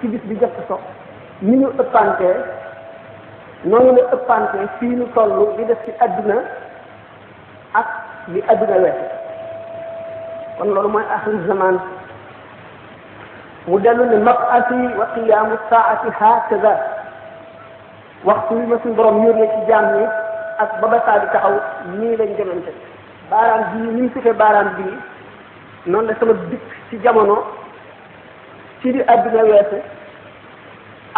ci bis bi jot so ni ñu ëppantee noonu la ëppantee fii ñu toll di def ci àdduna ak li àdduna weesu kon loolu mooy axiru zaman mu dellu ne mab'asi wa qiyaamu saati hakaza waxtu wi ma suñ borom yóor na ci jaam ñi ak ba ba saa di taxaw nii lañ demante baaraam bii ni mu sufee baaraam bii noonu la sama dikk ci jamono ci li àdduna weesu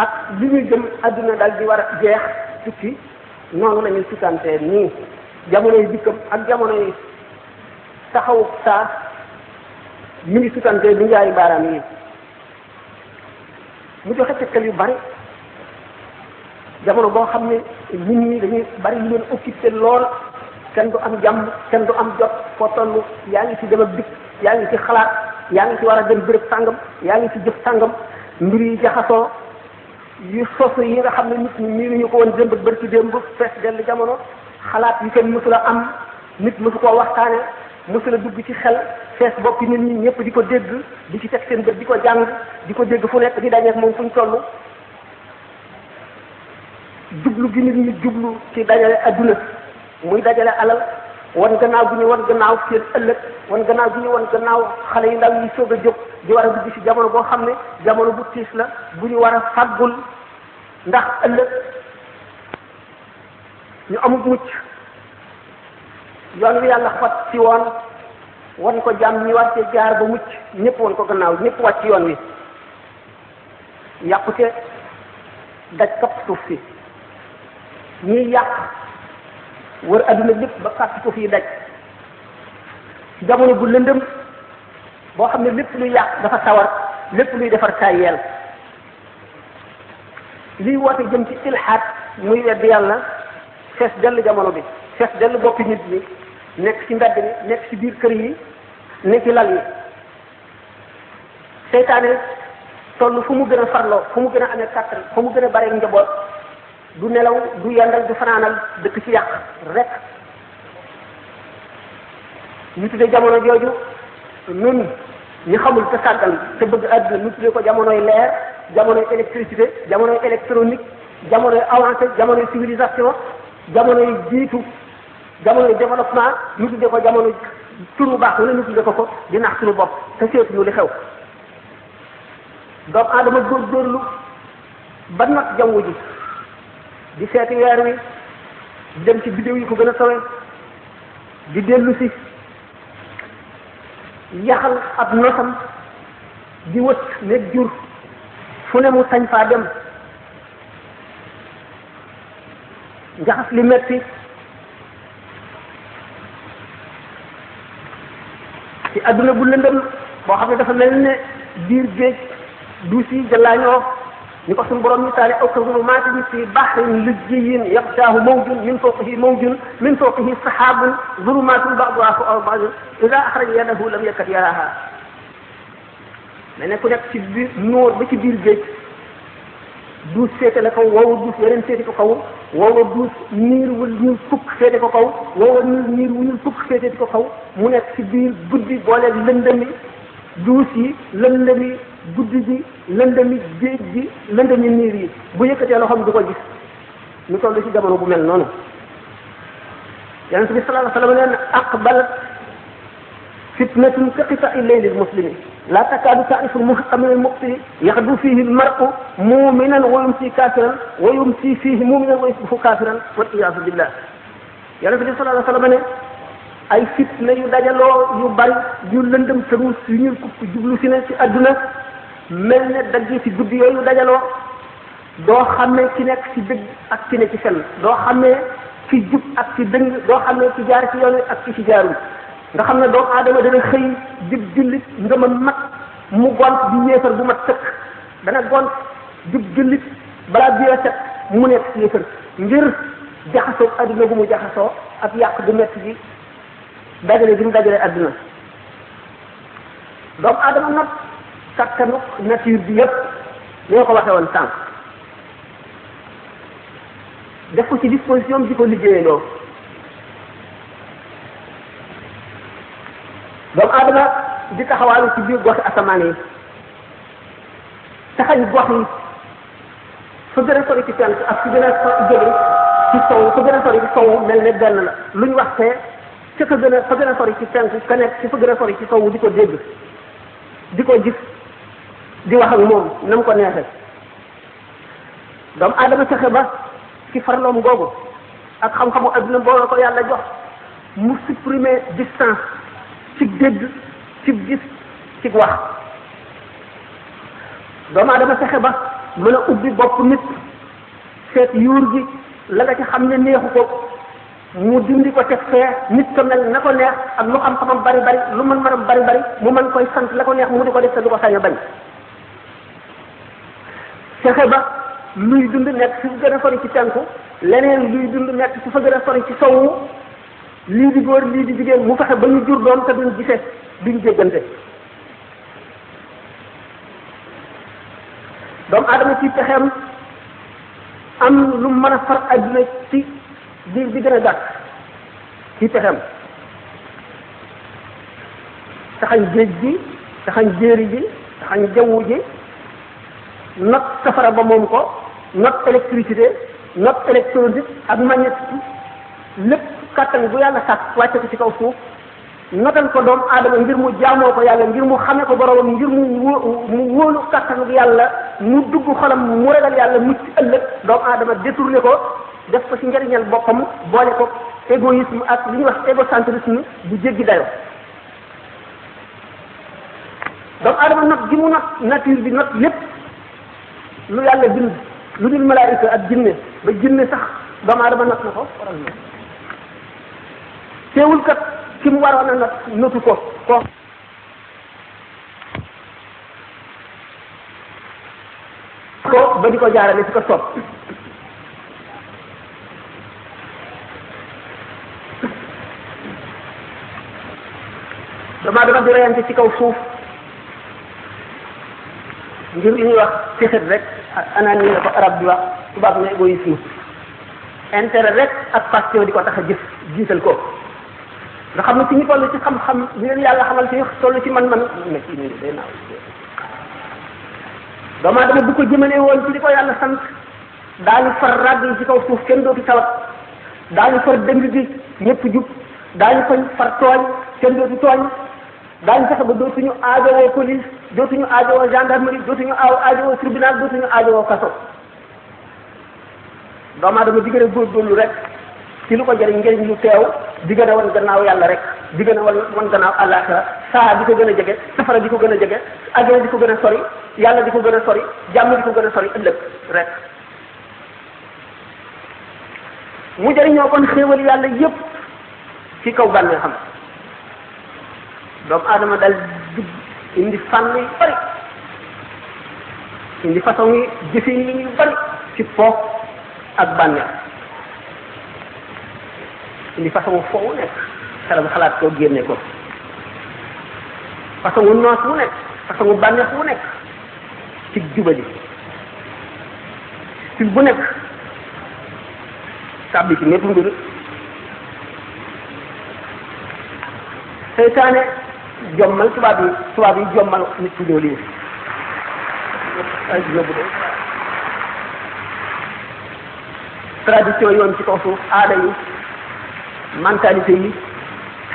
ak li ñu jëm àdduna dal di war a jeex tukki noonu la ñuy nii jamono yi dikkam ak jamono yi taxawu saa mi ngi sutantee bi njaari baaraam yi mu joxe tegtal yu bari jamono boo xam ne nit ñi dañuy bari lu leen occupé lool kenn du am jàmm kenn du am jot foo toll yaa ngi ci dem ak dikk yaa ngi ci xalaat yaa ngi ci war a dem béréb sàngam yaa ngi ci jëf sàngam mbir yi jaxasoo yu sos yi nga xam ne nit ñi mii ñu ko woon démb bër ci démb fees dell jamono xalaat yu kenn mësula am nit mësu koo waxtaane mësula dugg ci xel fees boppi nit ñi ñëpp di ko dégg di ci teg seen bët di ko jàng di ko dégg fu nekk di dajeek moom fu ñu toll jublu gi nit ñi jublu ci dajale adduna muy dajale alal wan gannaaw bu ñu wan gannaaw seen ëllëg wan gannaaw bi ñu wan gannaaw xale yi ndaw yi soog a jóg di war a dugg ci jamono boo xam ne jamono bu tiis la bu ñu war a fàggul ndax ëllëg ñu amut mucc yoon wi yàlla xot ci woon wan ko jàmm ñu war ci jaar ba mucc ñëpp wan ko gannaaw ñëpp wàcc yoon wi yàqute daj kapp suuf si ñiy yàq wër adduna lépp ba fàtt ko fii daj jamono bu lëndëm boo xam ne lépp luy yàq dafa sawar lépp luy defar tàyyeel liy woote jëm ci ilhaad muy wedd yàlla fees dell jamono bi fees dell boppi nit ñi nekk ci mbedd mi nekk ci biir kër yi nekk lal yi seytaane toll fu mu gën a farloo fu mu gën a amee kàttan fu mu gën a bare njaboot du nelaw du yendal du fanaanal dëkk ci yàq rek ñu tuddee jamono jooju nun ñu xamul te sàggal te bëgg àdduna ñu tuddee ko jamonoy leer jamonoy électricité jamonoy électronique jamonoy avancé jamonoy civilisation jamonoy jiitu jamonoy développement ñu tuddee ko jamono turu baax na ñu tuddee ko ko di nax suñu bopp te seetuñu li xew doomu aadama góorgóorlu ba nag jaww ji di seeti weer wi dem ci biddew yi ko gën a sawee di dellu si yaxal ab nosam di wët nekk jur fu ne mu sañ faa dem njaxas li metti ci àdduna bu lëndëm boo xam ne dafa mel ne biir géej duus yi ni ko suñu borom misaale aw kazulumatin fi bahrin lijjiyin yaqshaahu mawjun min fawqihi mawjun min fawqihi sahabun zulumatun ba'duha fawqa ba'din ida axraja yadahu lam yakat yaraha mel ne ku nekk ci biir noor ba ci biir géej duus seete la kaw woowa duus yeneen seete ko kaw woowa duus niir wu ñuul fukk seete ko kaw woowa niir niir wu ñuul fukk seete ko kaw mu nekk ci biir guddi boole lëndëmi duus yi lëndëmi guddi gi lëndami géej gi lëndami niir yi bu yëkkatee loxoom du ko gis ñu toll ci jamono bu mel noonu yonent bi sallallahu alayhi wa sallam neen fitnatun ka qita'i layli lmuslimi la takadu tarifu lmuhaqa min almuqti yaxdu fihi almar'u muminan wa yumsi kafiran wa yumsi fihi muminan wa yusbihu kafiran wal iyasu billah yonent bi sallallahu alayhi wa ne ay fitna yu dajaloo yu bari yu lëndëm tëru yu ñuul kukk jublu ne ci àdduna melne ne daggi ci gudd yoyu dajalo do xamé ci nek ci deug ak ci ne ci sel do xamé ci jub ak ci dëng do xamé ci jaar ci yoon ak ci ci jaarul nga xamné do adama aadama dana xëy jub nga ngëma mat mu gont di yeesal bu mat sëkk dana gont jub jullit bala biyoo yeesal mu nek ci yeesal ngir jaxasoo aduna bu mu jaxasoo ak yak du metti ci dajale bi mu dajale aduna do adama nak kattanu nature bi yëpp li nga ko waxee woon sànq def ko ci disposition di ko liggéeyandoo doomu aadama di taxawaalu ci biir gox asamaan yi taxañ gox yi fa gën a sori ci penk ak fi gën a jóge ci sow fa gën a sori ci sow mel ne benn la lu ñu wax fee ca ka gën a fa gën a sori ci penk ka nekk fa gën a sori ci sow di ko dégg di ko gis di wax ak moom na mu ko neexee doomu aadama fexe ba ci farloom googu ak xam-xamu adduna boo ko yàlla jox mu supprimer distance ci dégg ci gis ci wax doomu aadama fexe ba mën a ubbi bopp nit seet yuur gi la nga ci xam ne neexu ko mu dindi ko teg fee nit ko mel na ko neex ak lu xam-xamam bari bari lu mën mënam bari bari mu mën koy sant la ko neex mu di ko def te du ko sañ bañ fexe ba luy dund nekk fu gën a sori ci tenku leneen luy dund nekk fu fa gën a sori ci sowwu lii di góor lii di jigéen mu fexe ba ñu jur doom te duñ gise duñ jéggante doomu aadama ci pexeem am lu mën a far àdduna ci diir bi gën a gàtt ci pexeem taxañ géej gi taxañ jéeri ji taxañ jaww ji not safara ba moom ko not électricité not électronique ak magnétique lépp kàttan bu yàlla sàkk wàcce ko ci kaw suuf notal ko doomu aadama ngir mu jaamoo ko yàlla ngir mu xamee ko boromam ngir mu wó mu wóolu kàttan bu yàlla mu dugg xolam mu ragal yàlla mucc ëllëg doomu aadama détourné ko def ko ci njariñal boppam boole ko égoïsme ak li ñuy wax égocentrisme bu jéggi dayo doomu aadama not gi mu not nature bi not lépp lu yàlla bind lu dul malaayika ak jinne ba jinne sax doomu aadama nat na ko waral na teewul kat ki mu waroon a nat natu ko ko ba di ko jaarale ci ko soob doomu aadama di reyante ci kaw suuf ngir li ñuy wax fësat rek ak anani la ko arab di wax tubaab na égoïsme intérêt rek ak passion di ko tax a jëf jiital ko nga xam ne ci ñu toll ci xam-xam ñu yàlla xamal ci toll ci man-man na ci ñu day naaw doomu aadama bu ko jëmale woon ci li ko yàlla sant daañu far ràgg yi ci kaw suuf kenn dootu tawat daañu far dëng gi ñëpp jub daañu fañ far tooñ kenn dootu tooñ daañu fexe ba ñu aajowoo police dootuñu aajowoo gendarmerie dootuñu aaw aajowoo tribunal dootuñu aajowoo kaso doomu aadama di gën a góorgóorlu rek ci lu ko jëriñ njëriñ lu teew di gën a wan gannaaw yàlla rek di gën a wan wan gannaaw àllaaxira saa di ko gën a jege safara di ko gën a jege a di ko gën a sori yàlla di ko gën a sori jàmm di ko gën a sori ëllëg rek mu jëriñoo kon xéewal yàlla yépp ci kaw bànneexam doomu aadama dal dugg indi fànn yu bari indi façon yi jëfin yi yu bari ci foof ak bànneex indi façon foofu nekk xelam xalaat ko génne ko façon wu noos wu nekk façon wu bànneex wu nekk ci jubali ci bu nekk tàbbi ci mépp mbir seytaane jommal tubaab yi tubaab yi jommal nit ci loolu yi tradition yoon ci kaw suuf aada yi mentalité yi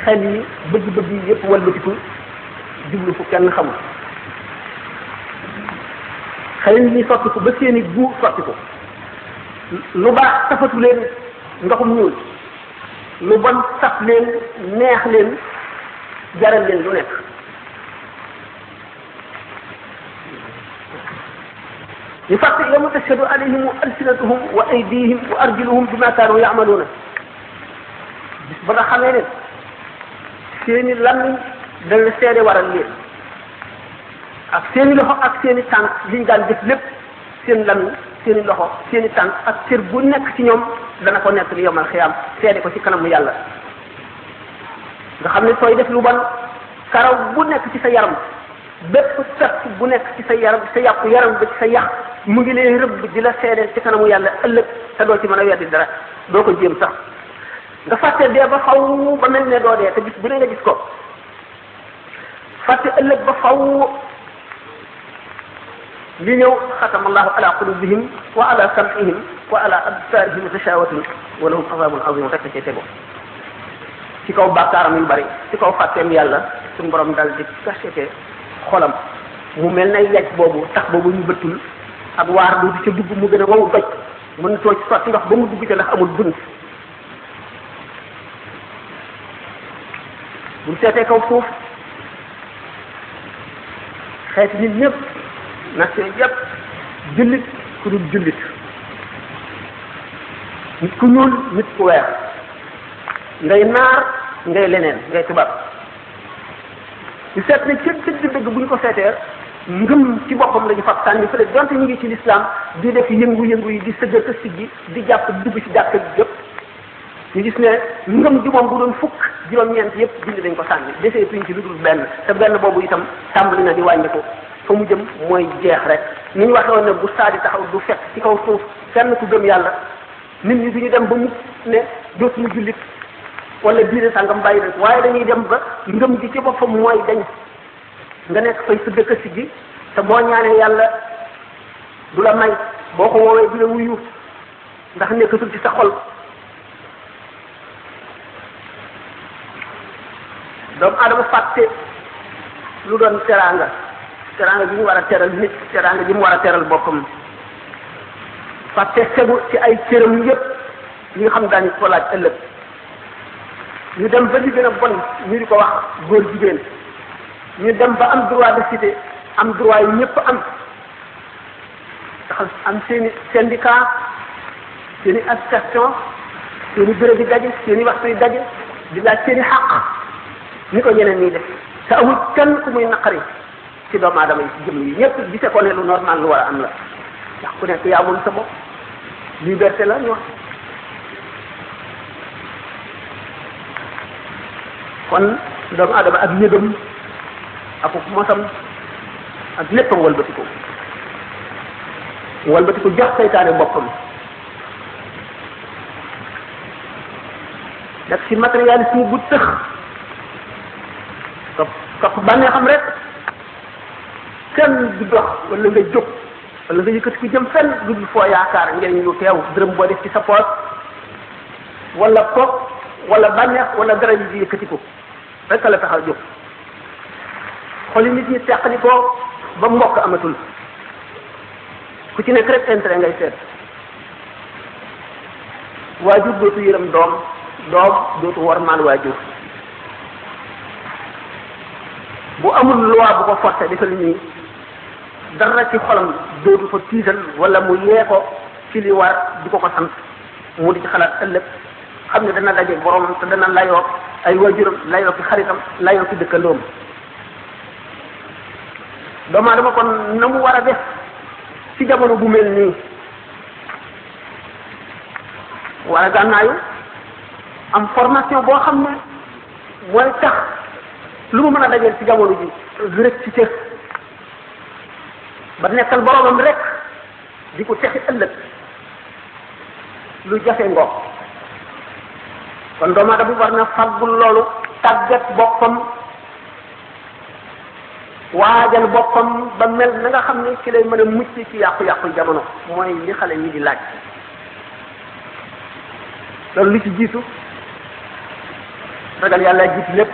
xel yi bëgg-bëgg yi yépp walbatiku jublu fu kenn xamul xale ni sotti ko ba seeni guu sotti ko lu baax tafatu leen ndoxum ñuul lu bon saf leen neex leen جرى من هناك لفقط يوم تشهد عليهم ألسنتهم وأيديهم وأرجلهم بما كانوا يعملون بدا خامي ني سيني لام دا لا سيني وارا لي اك سيني لوخ اك سيني تان لي دان ديف لب سين لام سيني لوخ سيني تان اك سير بو نيك سي نيوم دا نكو نيت يوم القيامه سيني كو سي nga xam ne def lu bon karaw bu nek ci sa yaram bépp sat bu nek ci sa yaram sa yaq yaram ba ci sa yàq mu ngi lay reub di la seedeel ci kanamu yàlla ëlëk sa do ci mëna weddi dara do ko jëm sax nga faté dé ba faw ba mel do dé te gis bu ne nga gis ko faté ëlëk ba xaw li ñëw khatam allah ala qulubihim wa ala sam'ihim wa ala absarihim tashawatun wa lahum azabun azim rek ca ci kaw bàkkaaram yu bari ci kaw fàtteem yàlla suñu borom dal di persété xolam mu mel na yaj boobu tax boobu ñu bëttul ak waar du ca dugg mu gën a wow doj mën too ci sotti ndox ba mu dugg ca ndax amul bunt buñ seetee kaw suuf xeeti nit ñëpp nation yëpp jullit ku dul jullit nit ku ñuul nit ku weex ngay naar ngay leneen ngay tubaab ñu seet ne ci dëgg dëgg bu ñu ko seetee ngëm ci boppam la ñu fab sànni fële donte ñu ngi ci lislaam di def yëngu-yëngu yi di sëgg ka siggi di jàpp dugg ci jàkk bi yëpp ñu gis ne ngëm ji moom bu doon fukk juróom-ñeent yëpp dindi dañ ko sànni desee tuñ ci lu dul benn te benn boobu itam tàmbali na di wàññiku fa mu jëm mooy jeex rek ni ñu waxee woon ne bu saadi taxaw du fekk ci kaw suuf kenn ku gëm yàlla nit ñi du dem ba mu ne dootuñu jullit wala diine sàngam bàyyi na waaye dañuy dem ba ngëm gi ci boppam mooy dañ nga nekk fay sa dëkk si gi te boo ñaanee yàlla du la may boo ko woowee du la wuyu ndax nekkatul ci sa xol doomu aadama fàtte lu doon teraanga teraanga bi ñu war a teral nit teraanga bi mu war a teral boppam fàtte segu ci ay cëram yépp yi nga xam daañu ko laaj ëllëg ñu dem ba li gën bon ñu di ko wax góor jigéen ñu dem ba am droit de cité am droit yi ñëpp am ndax am seeni syndicat seeni association seeni bureau di daje seeni waxtu yi daje di laaj seeni xàq ni ko ñeneen ñuy def te amul kenn ku muy naqari ci doomu aadama yi ci yi ñëpp gise ko lu normal lu war a am la ndax ku nekk yaa moom sa bopp liberté la ñu kon doomu aadama ak yëgam ak mosam ak léppam walbatiku walbatiku jox seytaane boppam nekk ci matérialisme bu tëx topp topp bànnee xam rek kenn du dox wala nga jóg wala nga yëkkati ku jëm fenn du dul foo yaakaar njëriñ lu teew dërëm boo def ci sa poos wala ko wala bànneex wala dara yi yëkkati ko rek la tax a jóg xoli nit ñi teqali ko ba mbokk amatul ku ci nekk rek intérêt ngay seet waajur dootu yërëm doom doom dootu wormaal waajur bu amul loi bu ko forcé defal nii dara ci xolam dootu ko tiital wala mu yee ko ci di ko ko sant mu di ci xalaat ëllëg xam ne dana dajeeg boromam te dana layoo ay waajuram layoo ki xaritam layoo ki dëkkandoom doomu aadama kon na mu war a def ci jamono bu mel nii war a gànnaayu am formation boo xam ne mooy tax lu mu mën a dajeel ci jamono ji rek ci tex ba nekkal boromam rek di ko texi ëllëg lu jafe ngoog kon doomu aadama war na faggul loolu tàggat boppam waajal boppam ba mel na xam ne ci lay mën a mucc ci yàqu-yàqu jamono mooy li xale yi di laaj loolu li ci jiitu ragal yàlla jiitu lépp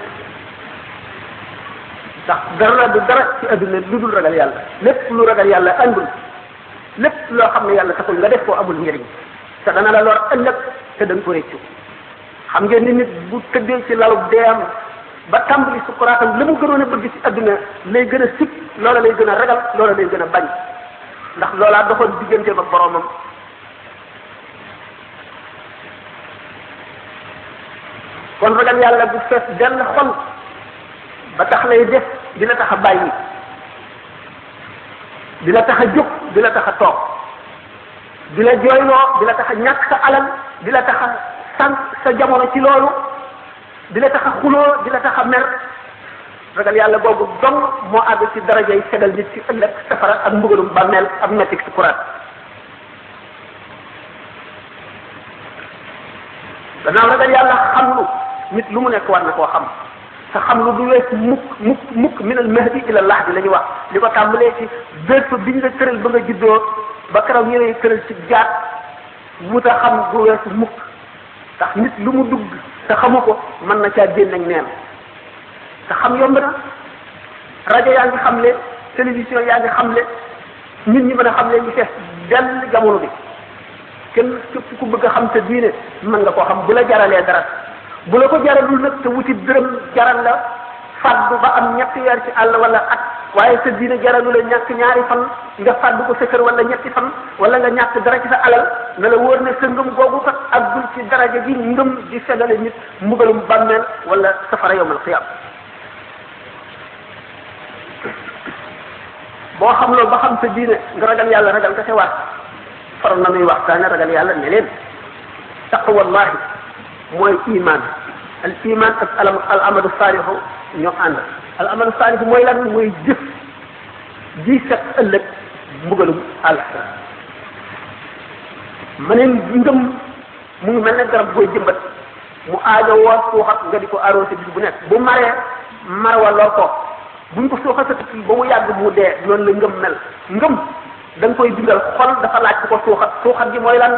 ndax dara du dara ci adduna lu dul ragal yàlla lépp lu ragal yàlla andul lépp loo xam ne yàlla taxul nga def koo amul njëriñ te dana la lor ëllëg te da ko réccu xam ngeen ni nit bu tëddee ci lalu deem ba tàmbali sukkuraatam la mu gënoon a bëgg ci àdduna lay gën a sikk loola lay gën a ragal loola lay gën a bañ ndax loolaa doxoon diggante ba boroomam kon ragal yàlla bu fees dell xol ba tax lay def dina tax a bàyyi dina tax a jóg dina tax a toog di dina jooyloo dina tax a ñàkk sa alal dina tax sant sa jamono ci loolu di la tax a xuloo di la tax a mer ragal yàlla googu dong moo àgg ci darajay segal nit ci ëllëg safara ak mbugalum bàmmeel ak metik ci kuraat gannaaw ragal yàlla xam lu nit lu mu nekk war na koo xam te xam lu du wees mukk mukk mukk min al mahdi ila lahdi la ñu wax li ko tàmbalee ci bépp biñ la tëral ba nga juddoo ba keroog ñëwee tëral ci jaat wuta xam du wees mukk ndax nit lu mu dugg te xamu ko mën na caa génn ak neen te xam yomb na rajo yaa ngi xamle télévision yaa ngi xamle nit ñi mën a leen ñu fees dell jamono bi kenn képp ku bëgg a xam sa diine mën nga koo xam bu la jaralee dara bu la ko jaralul nag te wuti dërëm jaral la fàddu ba am ñetti weer ci àll wala ak waaye sa diine jaralu la ñàkk ñaari fan nga fàddu ko sa kër wala ñetti fan wala nga ñàkk dara ci sa alal na la wóor ne sa ngëm googu kat àggul ci daraja gi ngëm di seddale nit mbugalum bàmmeel wala safara yowmal xiyam boo xam loolu ba xam sa diine nga ragal yàlla ragal ka sewaat faral na muy waxtaane ragal yàlla ne leen taqwallahi mooy iman al iman ak al amadu saalihu ñoo ànd al amalu saalih mooy lan mooy jëf ji set ëllëg mbugalum àllaxira ma ngëm mu ngi mel ne garab booy jëmbat mu aajo woo suuxat nga di ko arrosé bis bu nekk bu maree mar wa lor ko buñ ko suuxatati kii ba mu yàgg mu dee noonu la ngëm mel ngëm da koy dundal xol dafa laaj ko suuxat suuxat gi mooy lan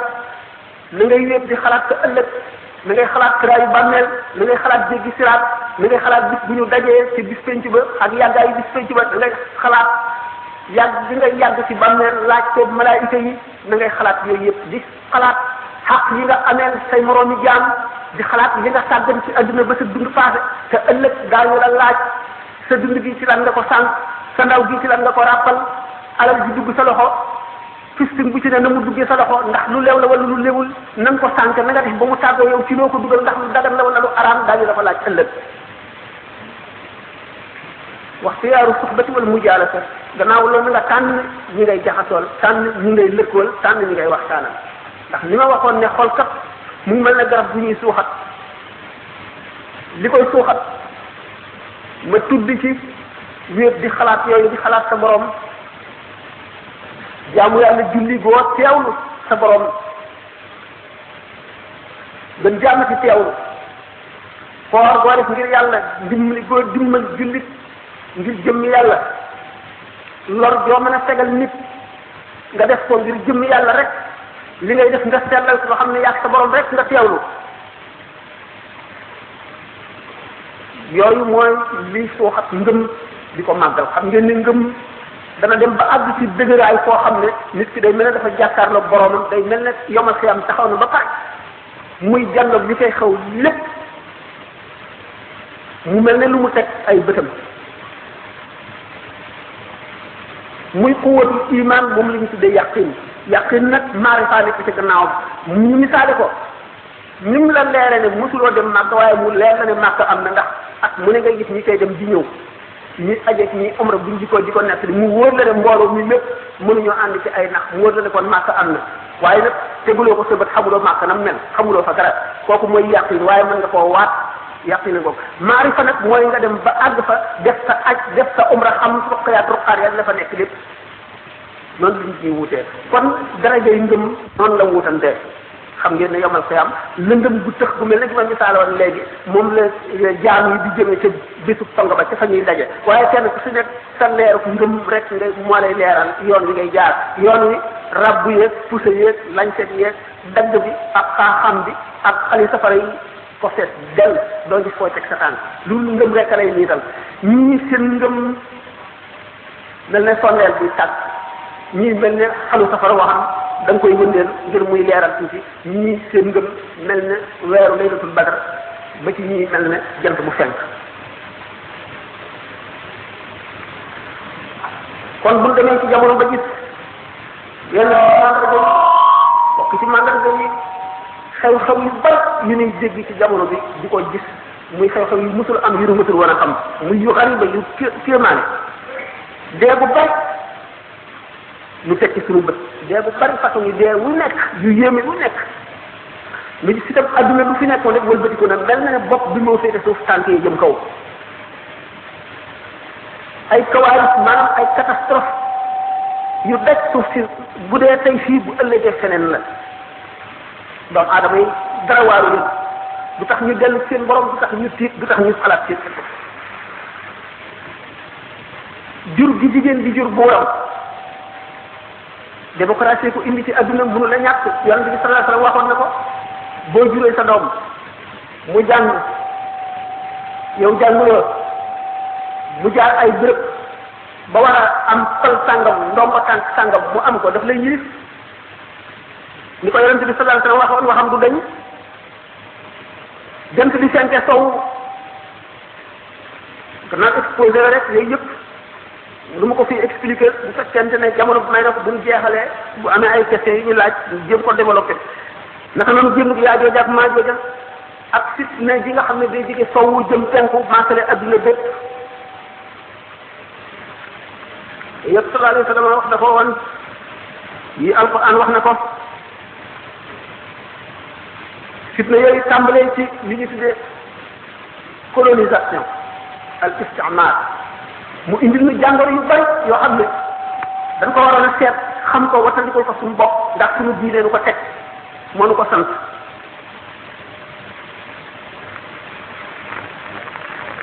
na ngay di xalaat ko ëllëg li ngay xalaat kiraayu bàmmeel li ngay xalaat jéggi siraat li ngay xalaat bis bu ñu dajee ci bis penc ba ak yàggaayu bis penc ba li ngay xalaat yàgg li ngay yàgg ci bàmmeel laaj ko malaayika yi li xalaat yooyu yëpp di xalaat xaq yi nga ameel say moroomi jaam di xalaat li nga sàggan ci àdduna ba sa dund passé te ëllëg daañu la laaj sa dund gi ci lan nga ko sànq sa ndaw gi ci lan nga ko ràppal alal ji dugg sa loxo fistin bu ci ne na mu duggee sa loxo ndax lu leew la wala lu leewul na nga ko sànq na nga def ba mu tàggoo yow ci loo ko dugal ndax lu dagan la wala lu araam daañu dafa laaj ëllëg waxtu yaaru suxbati wal mujaalasa gannaaw loolu nga tànn ñi ngay jaxasool tànn ñi ngay lëkkool tànn ñi ngay waxtaanal ndax li ma waxoon ne xol kat mu ngi mel ne garab bu ñuy suuxat li koy suuxat ma tudd ci wéet di xalaat yooyu di xalaat sa borom jaamu yàlla julli goo teewlu sa borom gën jàmm ci teewlu koor goo def ngir yàlla dimbali goo dimbal jullit ngir jëmmi yàlla lor joo mën a tegal nit nga def ko ngir jëmmi yàlla rek li ngay def nga sellal ko xam ne yàgg sa borom rek nga teewlu yooyu li soo xam ngëm di ko màggal xam ngeen dana dem ba àgg ci dëgëraay koo xam ne nit ki day mel ne dafa jàkkaarloo boromam day mel na ne yomal xiyam taxaw na ba pare muy jàndoog li koy xaw lépp mu mel ne lu mu teg ay bëtam muy quwwatu iman moom lu ñu tuddee yàqin yàqin nag maarifa nekk ci gannaawam ñu misaale ko ni mu la leere ne mosuloo dem màkk waaye mu leer la ne màkk am na ndax ak mu ne nga gis ñi koy dem di ñëw ñi aje ñi umra buñ di ko di ko nettali mu wóor la ne mbooloo mi lépp mënuñoo ànd ci ay nax mu wóor la ne kon màkk am na waaye nag teguloo ko sëbat xamuloo màkk na mel xamuloo fa dara kooku mooy yàqin waaye mën nga koo waat yàqin boobu maarifa nag mooy nga dem ba àgg fa def sa aj def sa umra xam ruqayaat ruqaar la fa nekk lépp noonu lañ ciy wutee kon daraja yi ngëm noonu la wutantee xam ngeen ne yomal xiyam lëndëm gu tëx gu mel ne gi ma misaal woon léegi moom la euh, jaam yi di jëmee ca bésu tong ba ca fa ñuy daje waaye kenn ku si nekk sa leeru ngëm rek nga moo lay leeral yoon wi ngay jaar yoon wi rabbu yeeg pousse yeeg lancet yeeg dagg bi ak xaaxam bi ak xali safara yi ko fees dell doo gis foo teg sa tànk loolu ngëm rek lay niital ñii seen ngëm mel ne sondeel bi tàkk ñii mel ne xalu safara waxam da nga koy wëndeel ngir muy leeral tuuti ñii seen ngëm mel ne weeru laylatul badar ba ci ñii mel ne jant bu fenk kon bu demee ci jamono ba gis yenn màndarga xew-xew yu bari yu nuy dégg ci jamono bi di ko gis muy xew-xew yu mësul am yu mësul woon a muy yu xari ba yu kéemaane dee bu bari ñu tekki ci suñu bët dee bu bari façon yi dee wu nekk yu yéeme wu nekk mais si tam adduna bu fi nekkoon rek wëlbatiku na mel na ne bopp bi moo féete suuf tànk yi jëm kaw ay kawaaris maanaam ay catastrophe yu daj suuf si bu dee tey fii bu ëllëgee feneen la doomu adama yi dara waaru du tax ñu dellu seen borom du tax ñu tiit du tax ñu xalaat jur gi jigéen bi jur boo waram démocratie ko indi ci aduna mënu la ñàkk yalla bi sallallahu alayhi wasallam waxon nako bo juree sa doom mu jang yow jang lo mu jaar ay béréb ba wara a am pal sàngam ndomba tànk sangam mu am ko daf lay yiss ni ko yaronte bi sallallahu alayhi waxon waxam du dañ jant di fenke sow gannaaw exposé rek yooyu yëpp lu ma ko fi expliquer bu fekkente ne jamono may na ko buñ jeexale bu amee ay questions yi ñu laaj jéem ko développé naka noonu génn yaa jooja ak maa jooja ak fitna gi nga xam ne day jóge sowwu jëm penku maasale adduna bépp yëpp sallallahu alayhi wa sallam wax dafa woon yi alquran wax na ko fitna yooyu tàmbalee ci li ñu tuddee colonisation al istimar mu indil ñu jàngoro yu bari yoo xam ne dañ ko waroon a seet xam ko wattandikul ko suñu bopp ndax suñu diine nu ko teg moo nu ko sant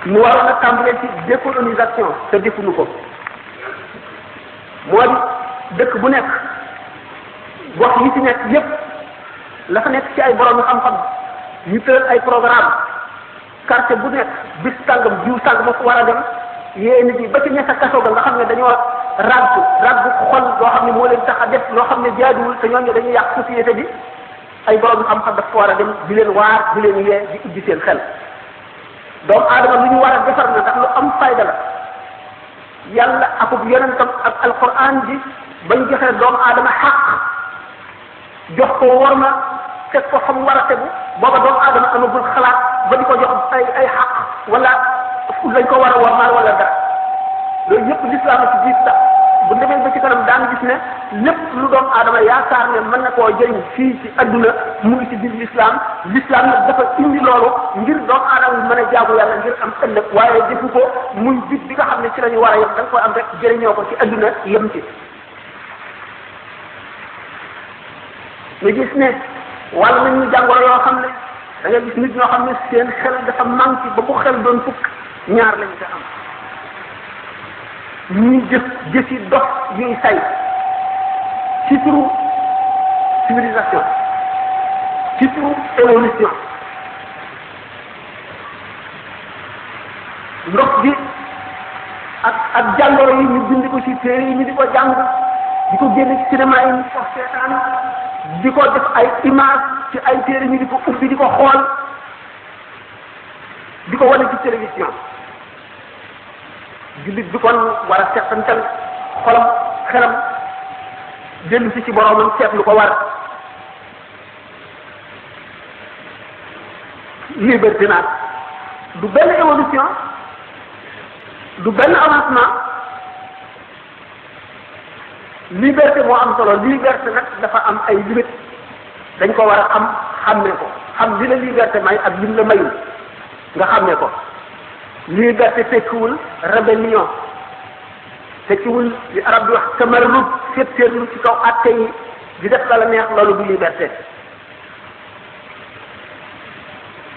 mu waroon a tàmbalee ci décolonisation te defuñu ko moo dëkk bu nekk gox yi ci nekk yépp la fa nekk ci ay borom xam-xam ñu tëral ay programme karte bu nekk bis sàngam jiw sàngam ma fa war a dem yéene ji ba ci ñaka kaso ga nga xam ne dañoo ràbb ràbb xol loo xam ne moo leen tax a def loo xam ne jaaduwul te ñooñu dañuy yàq société bi ay borom xam-xam daf ko war a dem di leen waar di leen yee di ubbi seen xel doomu aadama lu ñu war a defar na ndax lu am fayda la yàlla akub yonentam ak alquran ji bañ joxee doomu aadama xaq jox ko war na teg ko xam war a tegu booba doomu aadama amagul xalaat ba di ko jox ay ay xaq wala dañ ko war a warmaal wala dara loolu yëpp lislaam ci biir sax bu demee ba ci kanam daan gis ne lépp lu doom aadama yaakaar ne mën na koo jëriñ fii ci adduna mu ngi ci biir lislaam lislaam nag dafa ngir doom aadama mën a jaamu yàlla am ëllëg waaye defu ko muy bit bi nga xam ne ci lañu war a yem da nga koy am rek jëriñoo ko ci adduna yem ci ñu gis ne wàll nañ jàngoro yoo xam ne da gis nit ñoo xam ne seen xel dafa manqué ba bu xel doon fukk ñaar lañu ko am ñuy jëf jëfi dox yuy say ci turu civilisation ci turu évolution ndox gi ak ak jàngoro yi ñu bind ko ci téere yi ñu di ko jàng di ko génne ci yi ñu ko seetaan di ko def ay image ci ay téere ñu di ko ubbi di ko xool di ko wane ci télévision jullit bi kon war a seqantal xolam xelam dellu si ci boromam seet lu ko war liberté naat du benn évolution du benn avancement liberté moo am solo liberté nag dafa am ay limite dañ ko war a xam xàmmee ko xam li la liberté may ak lim la mayul nga xàmmee ko liberté tekkiwul rébellion tekkiwul li arab di wax tamarrub seet seetlu ci kaw àtte yi di def la neex loolu bu liberté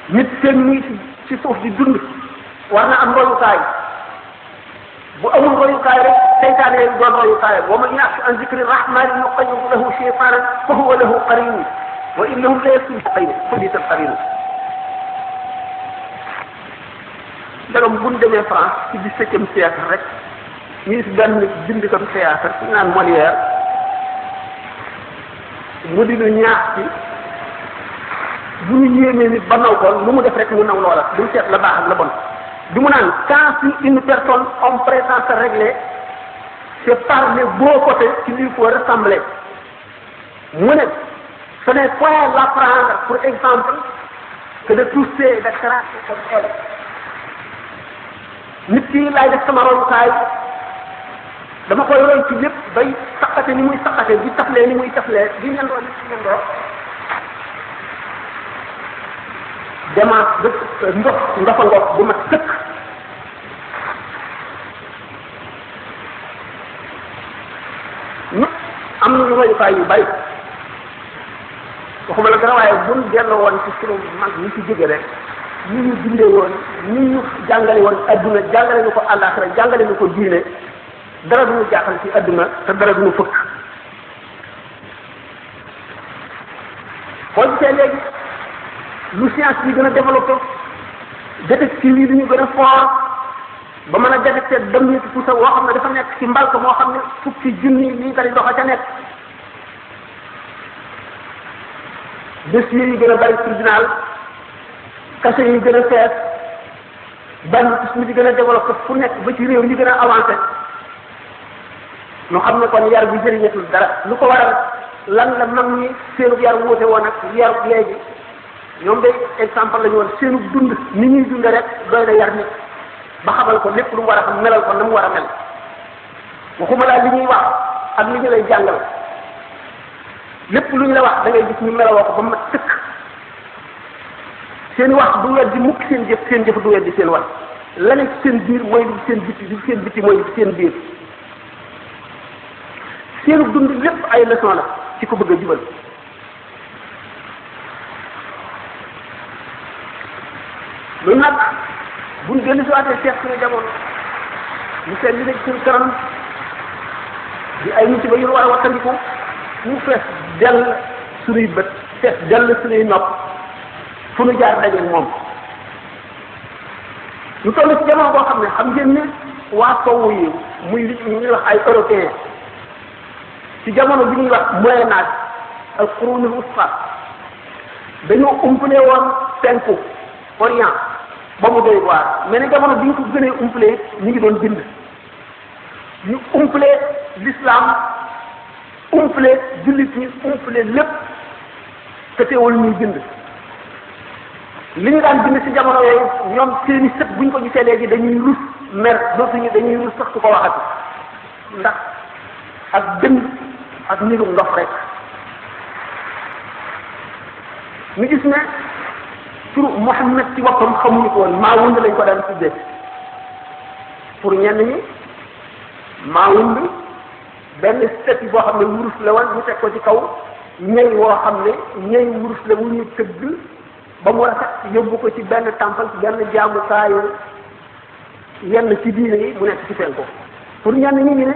nit seen muy ci suuf di dund war na am royukaay bu amul royukaay rek seytaane yi doon royukaay wa man ya'shu an zikri rahmani nuqayyid lahu shaytanan fa huwa lahu qarin wa innahum la yaktubun ndagam bu ñu demee France ci dix-septième siècle rek ñu si benn bindikatu théâtre ci naan Molière mu di ñu ñaax ci bu ñu yéemee nit ba naw ko lu mu def rek mu naw loola du mu seet la baax ak la bon du mu naan quand une personne on prétend se c'est par les beaux côtés qu'il lui faut ressembler mu ne ce n'est point l'apprendre pour exemple que de tousser et de cracher comme nit ki laay def sama royukaay dama koy roy ci lépp bay saqate ni muy saqate di taflee ni muy taflee di nendoo ni muy nendoo demaat ndox ndox ndox bu mat sëkk am na royukaay yu bari waxuma la dara waaye buñ delloo woon ci sunu mag ñi ci jóge rek ni ñu dundee woon ni ñu jàngale woon adduna jàngale ñu ko àllaaxira jàngale ñu ko diine dara du ñu jaaxal ci adduna te dara du ñu fëkk boo gisee léegi lu science bi gën a développé détective yi dañu gën a fort ba mën a détecté dem nit pour sa woo xam ne dafa nekk ci mbalk moo xam ne fukki junni lii tari ndoxa ca nekk dossier yi gën a bari tribunal kaso yi gën a fees banditisme di gën a développé fu nekk ba ci réew yi gën a avancé ñu xam ne kon yar bi jëriñatul dara lu ko waral lan la mag ñi seenub yar wuute woon ak yarub léegi ñoom day exemple la ñu woon seenub dund ni ñuy dunde rek doy na yar nit ba xamal ko lépp lu mu war a xam melal ko na mu war a mel waxuma li ñuy wax ak li ñu lay jàngal lépp lu ñu la wax da ngay gis ñu melawoo ko ba mu mat seen wax du weddi mukk seen jëf seen jëf du weddi seen wax la seen biir mooy li seen biti li seen biti mooy seen biir seenu dund lépp ay leçon la ci ko bëgg a jubal lu nag buñ dellu si waatee seet suñu jamono ñu seet li nekk suñu kanam di ay nit ba yu war a wattandiku mu fees dell suñuy bët fees dell suñuy nopp fu nu jaar daje moom ñu toll ci jamono boo xam ne xam ngeen ne waa sowu yi muy li ñuy wax ay européen ci jamono bi ñuy wax moyen âge ak qurunul wusfa dañoo umpale woon penku orient ba mu doy waar mais ne jamono bi ñu ko gënee umpale ñu ngi doon bind ñu umpale l'islam umpale jullit ñi umpale lépp te ñuy bind li ñu daan bind ci jamono yooyu ñoom seeni sët buñ ko gisee léegi dañuy rus mer dootuñu dañuy rus sax ku ko waxati ndax ak dënd ak nirum ndox rek mu gis ne turu Muhammad ci boppam xamuñu ko woon Maawund lañ ko daan tuddee pour ñenn ñi Maawund benn sët boo xam ne wurus la woon ñu teg ko ci kaw ñëy woo xam ne ñëy wurus la wu tëgg ba mu rafet yóbbu ko ci benn temple ci benn jaamukaayu yenn ci diine yi mu nekk ci penku pour ñenn ñi ñu ne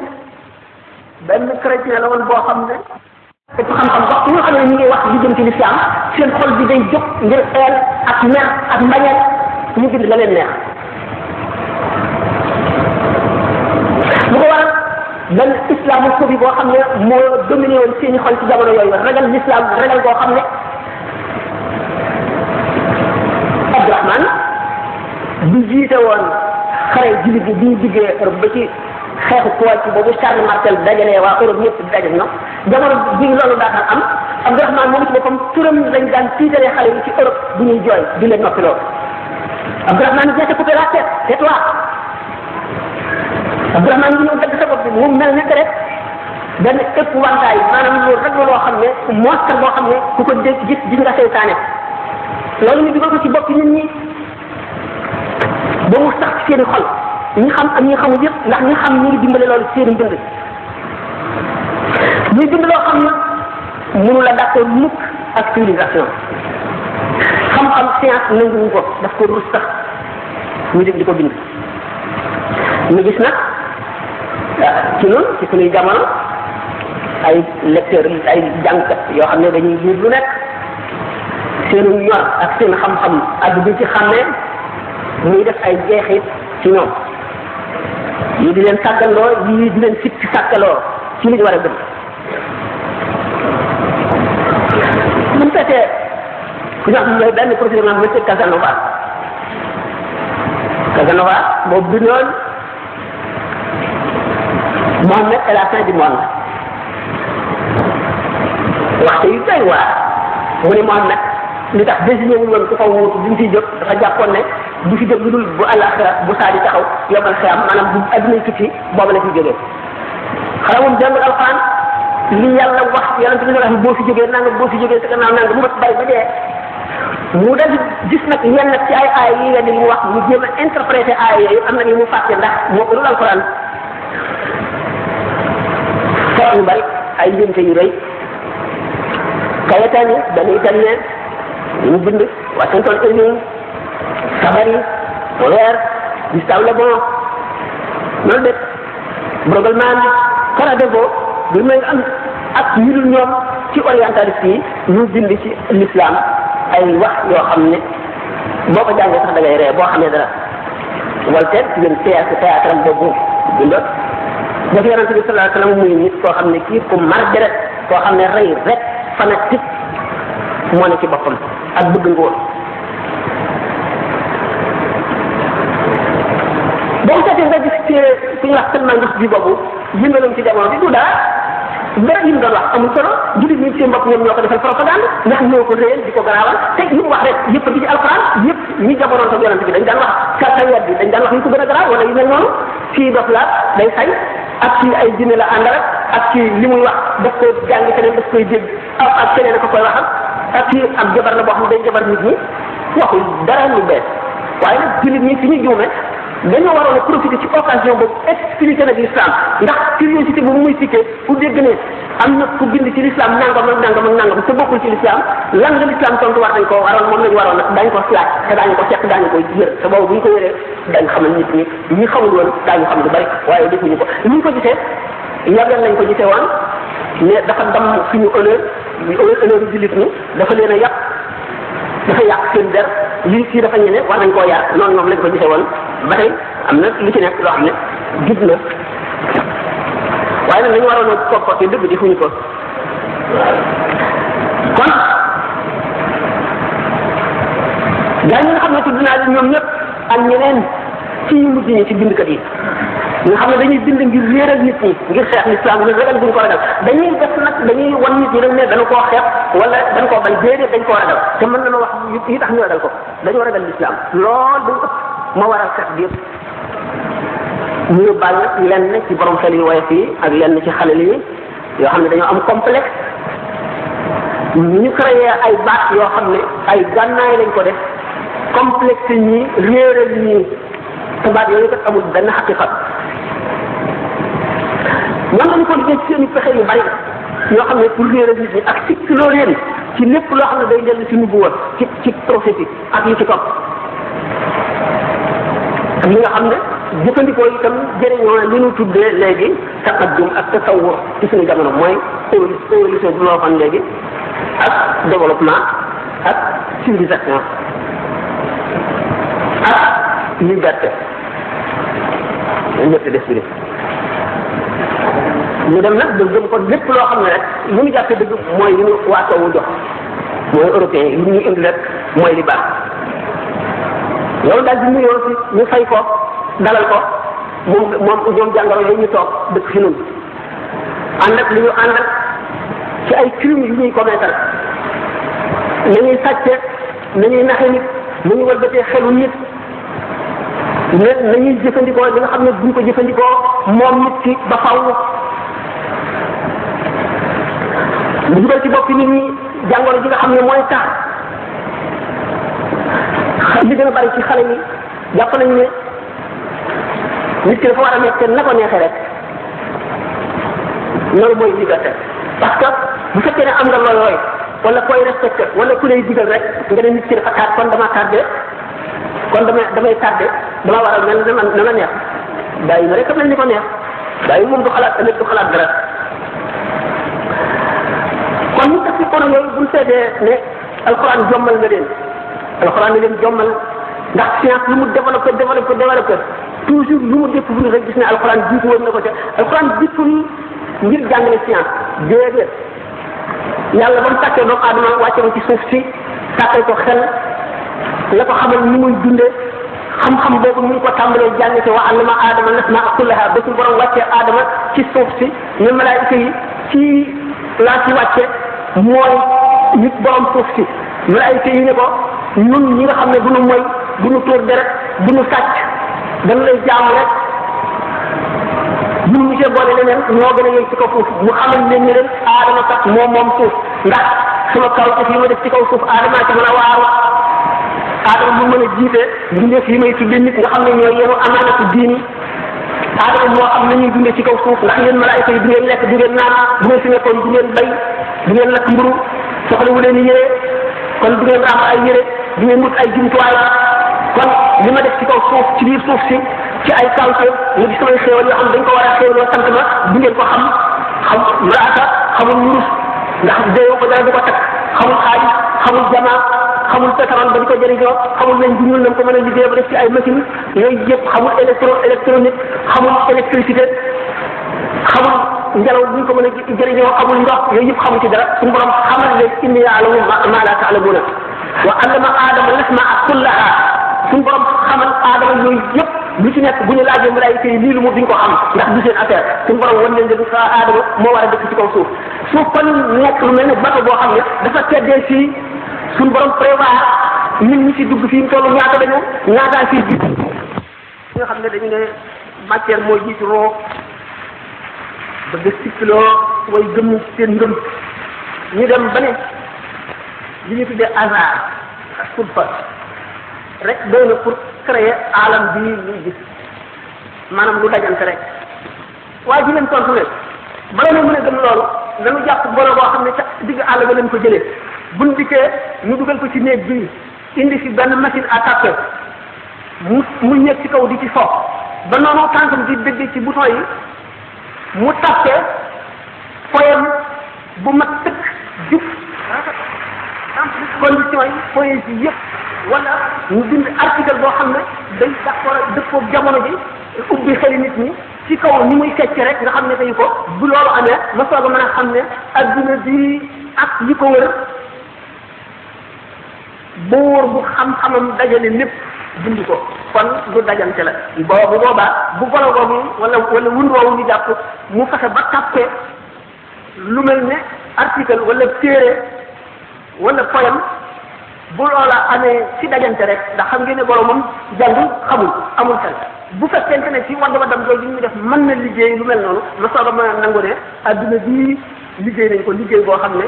benn chrétien la woon boo xam ne te xam-xam wax ñu nga xam ne ñu ngi wax di jëm ci lislaam seen xol bi day jóg ngir eel ak mer ak mbañeel ñu bind la leen neex lu ko waral benn islamophobie boo xam ne moo dominé woon seeni xol ci jamono yooyu ragal l'islam ragal boo xam ne Abdourahman bi jiite woon xare jullit bi bi ñu diggee Europe ba ci xeexu Kuwait boobu Charles Martel dajalee waa Europe ñëpp di dajal ñoom jamono bi loolu daataan am Abdourahman moom ci boppam turam lañ daan tiitalee xale yi ci Europe bu ñuy jooy di leen noppi loolu Abdourahman gerte coupé la tête c'est toi Abdourahman bi ñëw dagg sa bopp bi mu mel nekk rek benn ëpp rek la loo xam ne monstre boo xam ne ku ko dégg gis gis nga seytaane loolu ñu dugal ko ci bopp nit ñi ba mu sax ci seen xol ñi xam ak ñi xamul yëpp ndax ñi xam ñu dimbale loolu ci seen dund ñuy dund xam na mënu la d'accord mukk ak civilisation xam-xam science nanguwu ko daf ko rus sax ñu di ko bind ñu gis nag ah, ci noonu ci suñuy jamono ay lecteurs ay jàngkat yoo xam ne dañuy liir lu nekk seenu ñor ak seen xam-xam ak di ci xàmmee muy def ay jeexit ci ñoom yi di leen sàggaloo yi di leen sit ci sàkkaloo ci li ñu war a gëm mun fekkee ku ñu xam ne benn professeur naan monsieur Casanova Casanova boobu du ñoon Mohamed et la fin du monde waxte yu doy waar mu ne Mohamed li tax désigné wuñ woon ku fa wuutu bi mu fiy jóg dafa jàppoon ne du fi jóg lu dul bu àllaaxira bu saa di taxaw yombal xiyam maanaam bu adduna tukki boobu la fi jógee xarawum jàngal alxuraan li yàlla wax yonente bi wax boo fi naa nangam boo fi jógee sa gannaaw nangam mu mat bari ba dee mu dal gis nag yenn ci ay aay yi nga di mu wax mu jéem a interpréter aay yooyu am na ñu mu fàtte ndax moo ko dul alxuraan foofu ñu bari ay njëmte yu rëy li mu bind Washington Irving Savary Molière Gustave Le Bon loolu de Brueggelmann Caradeau lu mel am ak yu dul ñoom ci orientaliste yi ñu bind ci l'islam ay wax yoo xam ne boo ko jàngee sax da ngay ree boo xamee dara Voltaire ci gën théâtre théâtre am boobu bindoon daf yonente bi sallallahu alayhi wa sallam muy nit koo xam ne kii ku mar koo xam ne rey rek fanatique moo ne ci boppam ak bëgg nguur boo seetee nga gis ci suñu wax tellement ngis bi boobu yëngalam ci jamono bi du dara dara yim doon wax solo ñoom ñoo ko defal propagande ñoo ko réyal di ko garaawal te yi wax rek yëpp bi ci alquran yëpp ñi jamonoon ak yonante bi dañ daan wax kàttan yat bi dañ daan wax ñu ko gën a garaaw wala yu mel noonu fii dof la day ak ci ay jinne la àndal ak ci li muy wax daf jàng keneen daf koy dégg ak keneen ko koy waxal ak kii ab jabar la boo xam day jabar nit ñi waxul dara lu bees waaye nag jullit fi ñu juume dañoo waroon a profiter ci occasion boobu expliqué nag l'islam ndax curiosité bu muy tikkee ku dégg ne am na ku bind ci l'islam nangam ak nangam ak nangam te bokkul ci l'islam lan nga tontu war dañ ko waroon moom lañu waroon nag daañu ko laaj te daañu ko seq daañu ko yër te boobu bu ñu ko yëree daañu xamal nit ñi ñi xamul woon ko ni ñu ko gisee yàggal muy ëllëru jullit ñi dafa leen a yàq dafa yàq seen der lii fii dafa ñene war nañ koo yar noonu moom lañ ko gisee woon ba am na lu ci nekk loo xam ne gis na waaye nag nañu waroon a comporté dëgg defuñu ko kon gaa ñi nga xam ne tudd naa leen ñoom ñëpp ak ñeneen ci mujj ñi ci bindkat yi nga xam ne dañuy bind ngir réeral nit ñi ngir xeex l'islam ragal buñ ko ragal dañuy def nag dañuy wan nit ñi rek ne dañu koo xeex wala dañ koo bañ déedéet dañ koo ragal te mën nañu wax yi tax ñu ragal ko dañoo ragal l'islam lool du ëpp ma waral sax bi ñu yóbbaal nag lenn ci borom xel yu woyof yi ak lenn ci xale yi yoo xam ne dañoo am complexe ñu créé ay baat yoo xam ne ay gànnaay lañ ko def complexe ñi réeral ñi te baat yooyu kat amul benn xaqiqat mën nañu ko liggéey ci pexe yu bari yoo xam ne pour réeral nit ñi ak sikk loo lépp loo xam ne day dellu ci nubuwa ci ci prophétie ak yi ci topp ak li nga xam ne jëfandikoo itam jëriñoo na li ñu tuddee léegi taqaddum ak tasawur ci suñu jamono mooy évolution bi loo xam léegi ak développement ak civilisation ak liberté liberté d'esprit ñu dem nag ba gëm ko lépp loo xam ne rek li ñu jàppee dëgg mooy li ñu waa soowu jox mooy européen yi li ñu indi rek mooy li baax loolu daal di nuyoo si ñu fay ko dalal ko moom moom ñoom jàngoro yooyu ñu toog dëkk fi nun ànd ak li ñu ànd ak ci ay yu ñuy commettre nañuy sàcce nañuy naxe nit nañuy wëlbatee xelu nit ne nañuy jëfandikoo li nga xam ne duñ ko jëfandikoo moom nit ki ba faw di dugal ci bopp nit ñi jàngoro ji nga xam ne mooy tax li gën a bari ci xale yi jàpp nañ ne nit ki dafa war a nekk na ko neexee rek loolu mooy liberté parce que bu fekkee ne am nga looy roy wala koy respecté wala ku lay digal rek nga ne nit ki dafa taat kon dama tardé kon damay damay tardé dama war a mel na ma neex bàyyi na rek mel ni ko neex bàyyi moom du xalaat ëllëg du xalaat dara. loolu ñoom bu ñu seetee ne alxuraan jommal na leen alxuraan na leen jommal ndax science lu mu développé développé développé toujours lu mu découvrir rek gis ne alxuraan jiitu woon na ko ca alxuraan jiitul ngir jàngale science déedéet yàlla ba mu tàkkee doomu aadama wàcce ko ci suuf si tàkkee ko xel la ko xamal ni muy dundee xam-xam boobu ñu mu ko tàmbalee jàng ci wa allama aadama nasmaa kullaha ba su borom wàccee aadama ci suuf si ñu malaayika yi ci laa ci wàcce mooy nit borom suuf si malaayika yi ne ko ñun ñi nga xam ne du ñu moy du ñu tuur deret du ñu sàcc dañ lay jaamu rek ñun monsieur boole leneen ñoo gën a yëg ci kaw suuf mu xamal leen ne leen aadama kat moom moom suuf ndax suma kaw suuf yi ma def ci kaw suuf aadama ci mën a waaru aadama mu mën a jiite mbindeef yi may tudde nit nga xam ne ñooy yenu amaanatu diini aadama moo xam nañuy dundee ci kaw suuf ndax yéen malaayika yi du lekk du ngeen naan bu ngeen fi nekkoon du bay du ngeen i yére kon du ngeen am ay yére du ngeen wut ay jumtuwaay kon li ma def ci kaw suuf ci biir suuf si ci ay kawte nga gis samay xéewal yoo xam dañ ko war a xéewaloo sant ma du ko xam xam malaaka xamul wurus ndax déew ko dara du ko takk xamul xaalis xamul jamaa xamul pétrole ba di ko jëriñoo xamul nañ bi ñuul nañ ko mën a liggéey ba def ci ay machine yooyu yëpp xamul électro électronique xamul électricité xamul ngelaw bu ñu ko mën a jëriñoo xamul ndox yooyu yëpp xamul ci dara suñu borom xamal leen inni yaalamu ma la taalamuna wa allama aadama lasma kullaha suñu borom xamal aadama yooyu yëpp lu ci nekk bu ñu laajee malaayika yi lii lu mu duñ ko xam ndax du seen affaire suñu borom wan leen ne du saa aadama moo war a dëkk ci kaw suuf suuf kon nekk lu mel ne bato boo xam ne dafa teddee fii suñu borom prévoir nit ñi si dugg fii mu toll ñaata dañu ñaataa si jiitu nga xam ne dañu ne matière mooy jiitu roo bëgg sikkiloo way gëm seen ngëm ñu dem ba ne li ñu tuddee hasard rek doy pour créer alam bii ñuy gis maanaam lu dajante rek waaye ji leen tontu ne bala ñu mën a gëm loolu dañu jàpp golo boo xam ne ca digg àll ba leen ko jëlee buñ dikkee ñu dugal ko ci néeg bi indi fi benn machine à taper mu mu ñëg ci kaw di ci fo ba noonu tànkam di dëgg ci bouton yi mu tappe foyam bu mat tëkk jub condition yi foye yëpp wala ñu bind article boo xam ne day d'accord dëppoo jamono bi ubbi xeli nit ñi ci kaw ni muy fecc rek nga xam ne tey ko bu loolu amee ma soog mën a xam ne adduna bi ak yi ko wër buur bu xam-xamam dajalee lépp dund ko kon bu dajante la boobu boobaa bu golo googu wala wala wund woowu jàpp mu fexe ba tàppe lu mel ne article wala téere wala poème bu loola amee ci dajante rek ndax xam ngeen ne borom moom jàngul xamul amul xel bu fekkente ne ci wadd waddam jooju ñu def mën na liggéey lu mel noonu ma soog a mën nangu ne adduna bii liggéey nañ ko liggéey boo xam ne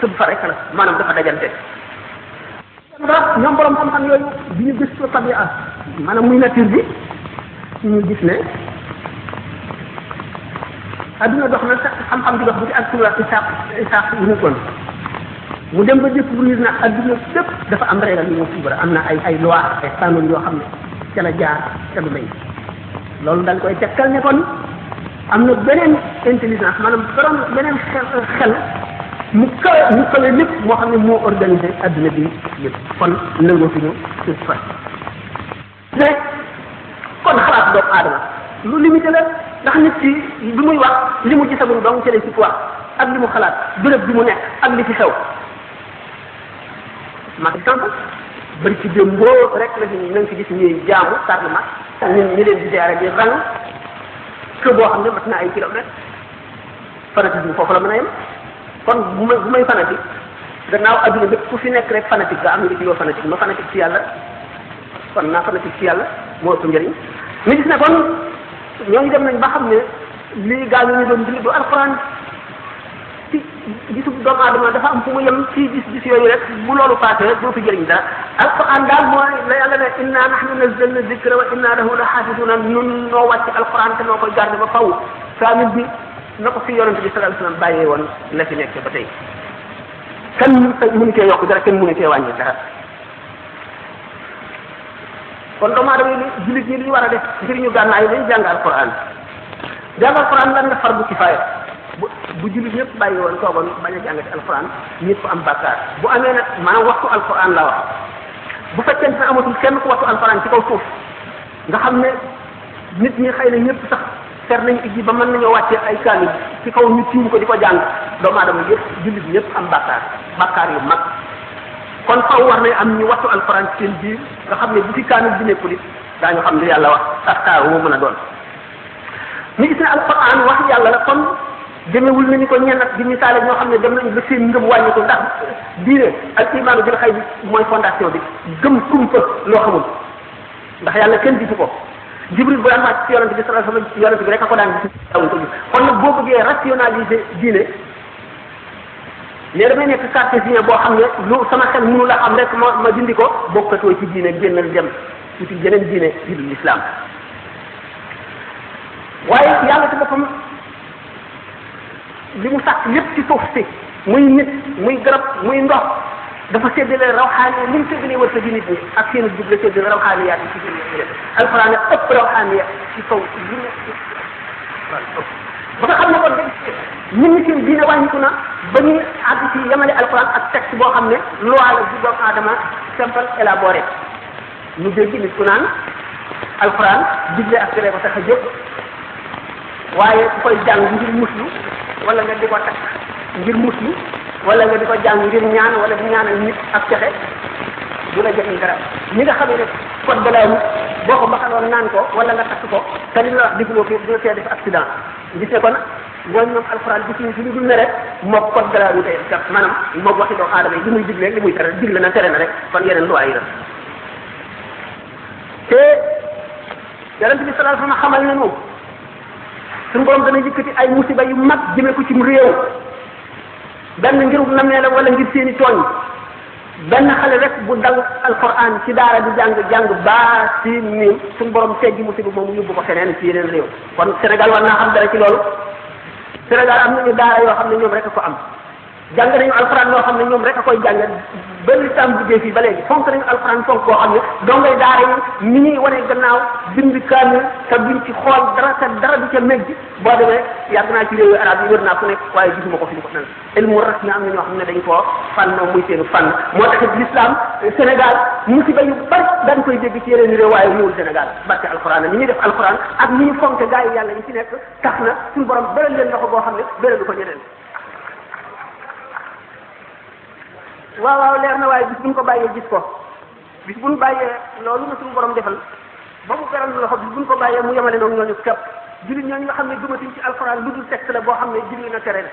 sëb fa rek la maanaam dafa dajante ah ñoom borom xam-xam yooyu bi ñu gis tabi'a maanaam muy nature bi ñu gis ne adduna dox na sax xam-xam bi dox bu ci ak suura isaaq isaaq mu nekkoon mu dem ba découvrir na adduna bépp dafa am réeral yu ñu suubara am na ay ay loi ay canon yoo xam ne ca la jaar ca du may loolu dañ koy tekkal ne kon am na beneen intelligence maanaam borom beneen xel xel mu kawe mu kawe lépp moo xam ne moo organisé adduna bi lépp kon nangotuñu suuf fa mais kon xalaat doomu aadama lu limité la ndax nit ci bi muy wax li mu gisagul dong ci lay ci wax ak li mu xalaat béréb bi mu nekk ak li ci xew maa ngi tànk bëri ci démb mboo rek la ñu nañ gis ñuy jaamu parlement ñun ñu leen di jaare di rang que boo xam ne mat na ay kilomètres fanatisme foofu la mën a yem kon bu may bu may fanatique gannaaw adduna bépp ku fi nekk rek fanatique nga am nga ci yoo fanatique ma fanatique ci yàlla kon naa fanatique ci yàlla moo ëpp njëriñ ñu gis ne kon ñooñu dem nañ ba xam ne ga gaa ñu doon bind du alxuraan ci gisu doomu aadama dafa am fu mu yem ci gis-gis yooyu rek bu loolu passé rek doo fi jëriñ dara alxuraan daal mooy la yàlla ne inna nahnu nazzalna dikra wa inna lahu la xaafisuuna nun noo wàcc alxuraan te noo koy garde ba faw na ko fi yonent bi sallallahu alayhi bàyyee woon la fi nekk ba tey kenn mënu cee yokk dara wàññi dara kon doomu aadama yi jullit ñi war a def ngir ñu gànnaay dañu jàng alquran jàng alquran lan la fardu kifaaya bu ñëpp bàyyi woon toogoon a jàngati alquran ñëpp am bàkkaar bu amee nag maanaam waxtu alquran la wax amatul kenn ku waxtu alquran ci kaw suuf nga xam ne nit ñi xëy na ñëpp sax. fer nañ ijji ba mën nañoo wàccee ay kaamil ci kaw ñu tiim ko di ko jàng doomu aadama yëpp jullit yëpp am bakkaar bakkaar yu mag kon faw war nañ am ñu wattu alquran ci seen biir nga xam ne bu fi kaamil bi nekkul it daañu xam li yàlla wax sartaa woo mën a doon ñu gis ne alquran wax yàlla la kon demewul nañu ko ñen ak di misaale ñoo xam dem nañu ba seen ngëm wàññi ko ndax diine al imaanu bil xay bi fondation bi gëm kumpa loo xamul ndax yàlla kenn gisu ko jibril bu daan wàcc ci yonent bi sallallahu ko daan gis dawuñ ko gis boo bëggee rationaliser diine nekk cartésien boo ko bokkatoo ci diine génnal dem uti jeneen diine ci dul islam waaye yàlla ci boppam li mu sàkk lépp ci suuf si muy nit muy garab muy ndox dafa séddale rawxaani ni mu séddalee war sa ji nit ñi ak seen jub la séddale rawxaani yaa ci jëlee leen alxuraan ëpp rawxaani ci kaw ba nga xam ne kon dañ ñun ñi na ba alxuraan boo xam ne loi digle ak tere ko tax a jóg waaye ku koy jàng ngir muslu wala nga di ko takk ngir muslu wala nga di ko jàng ngir ñaan wala di a nit ak pexe du la jëriñ dara ñi nga xam ne code de la route boo ko mbaxaloon naan ko wala nga takk ko te li la wax développé ko du la tee def accident gis ne kon ñooñu ñoom alxuraan bi suñu si lu dul ne rek moog code de la route te maanaam moog aadama yi li muy digle li muy tere digle na tere na rek kon yeneen luwaa yi la te yonente bi sallallahu alayhi xamal na ñu suñu borom dana yëkkati ay musiba yu mag benn ngirub nammeelam wala ngir seeni tooñ benn xale rek bu dal alquran ci daara di jàng jàng baa si niim suñu borom teggi musiba moomu yóbbu ko feneen ci yeneen réew kon Sénégal war naa xam dara ci loolu Sénégal am na ñu daara yoo xam ne ñoom rek ko am jàng nañu alxuraan loo xam ne ñoom rek a koy jàng ba lislaam duggee fii ba léegi fonk nañu alxuraan fonk boo xam ne dongay daara yi ni ñuy wane gannaaw bind kaamil te ci xool dara du ca meg ji boo demee yàgg naa ci réewu arab yi wër naa ku nekk waaye gisuma ko fi ñu ko nan ilmu ras ñu am na ñoo xam ne dañ koo fànnoo muy seenu fànn moo tax lislaam Sénégal musiba yu bari dañ koy dégg ci yeneen réew waaye ñëwul Sénégal barke alxuraan ni ñuy def alxuraan ak ni ñu yàlla yi ci nekk tax na suñu borom leen loxo boo xam ne bëralu ko ñeneen waaw waaw leer na waaye bis bu ñu ko bàyyee gis ko bis bu ñu bàyyee loolu na suñu borom defal ba mu beral loxo bis bu ñu ko bàyyee mu yemale noonu ñooñu képp jullit ñooñu nga xam ne dumatuñ ci alxuraan lu dul texte la boo xam ne julli na tere la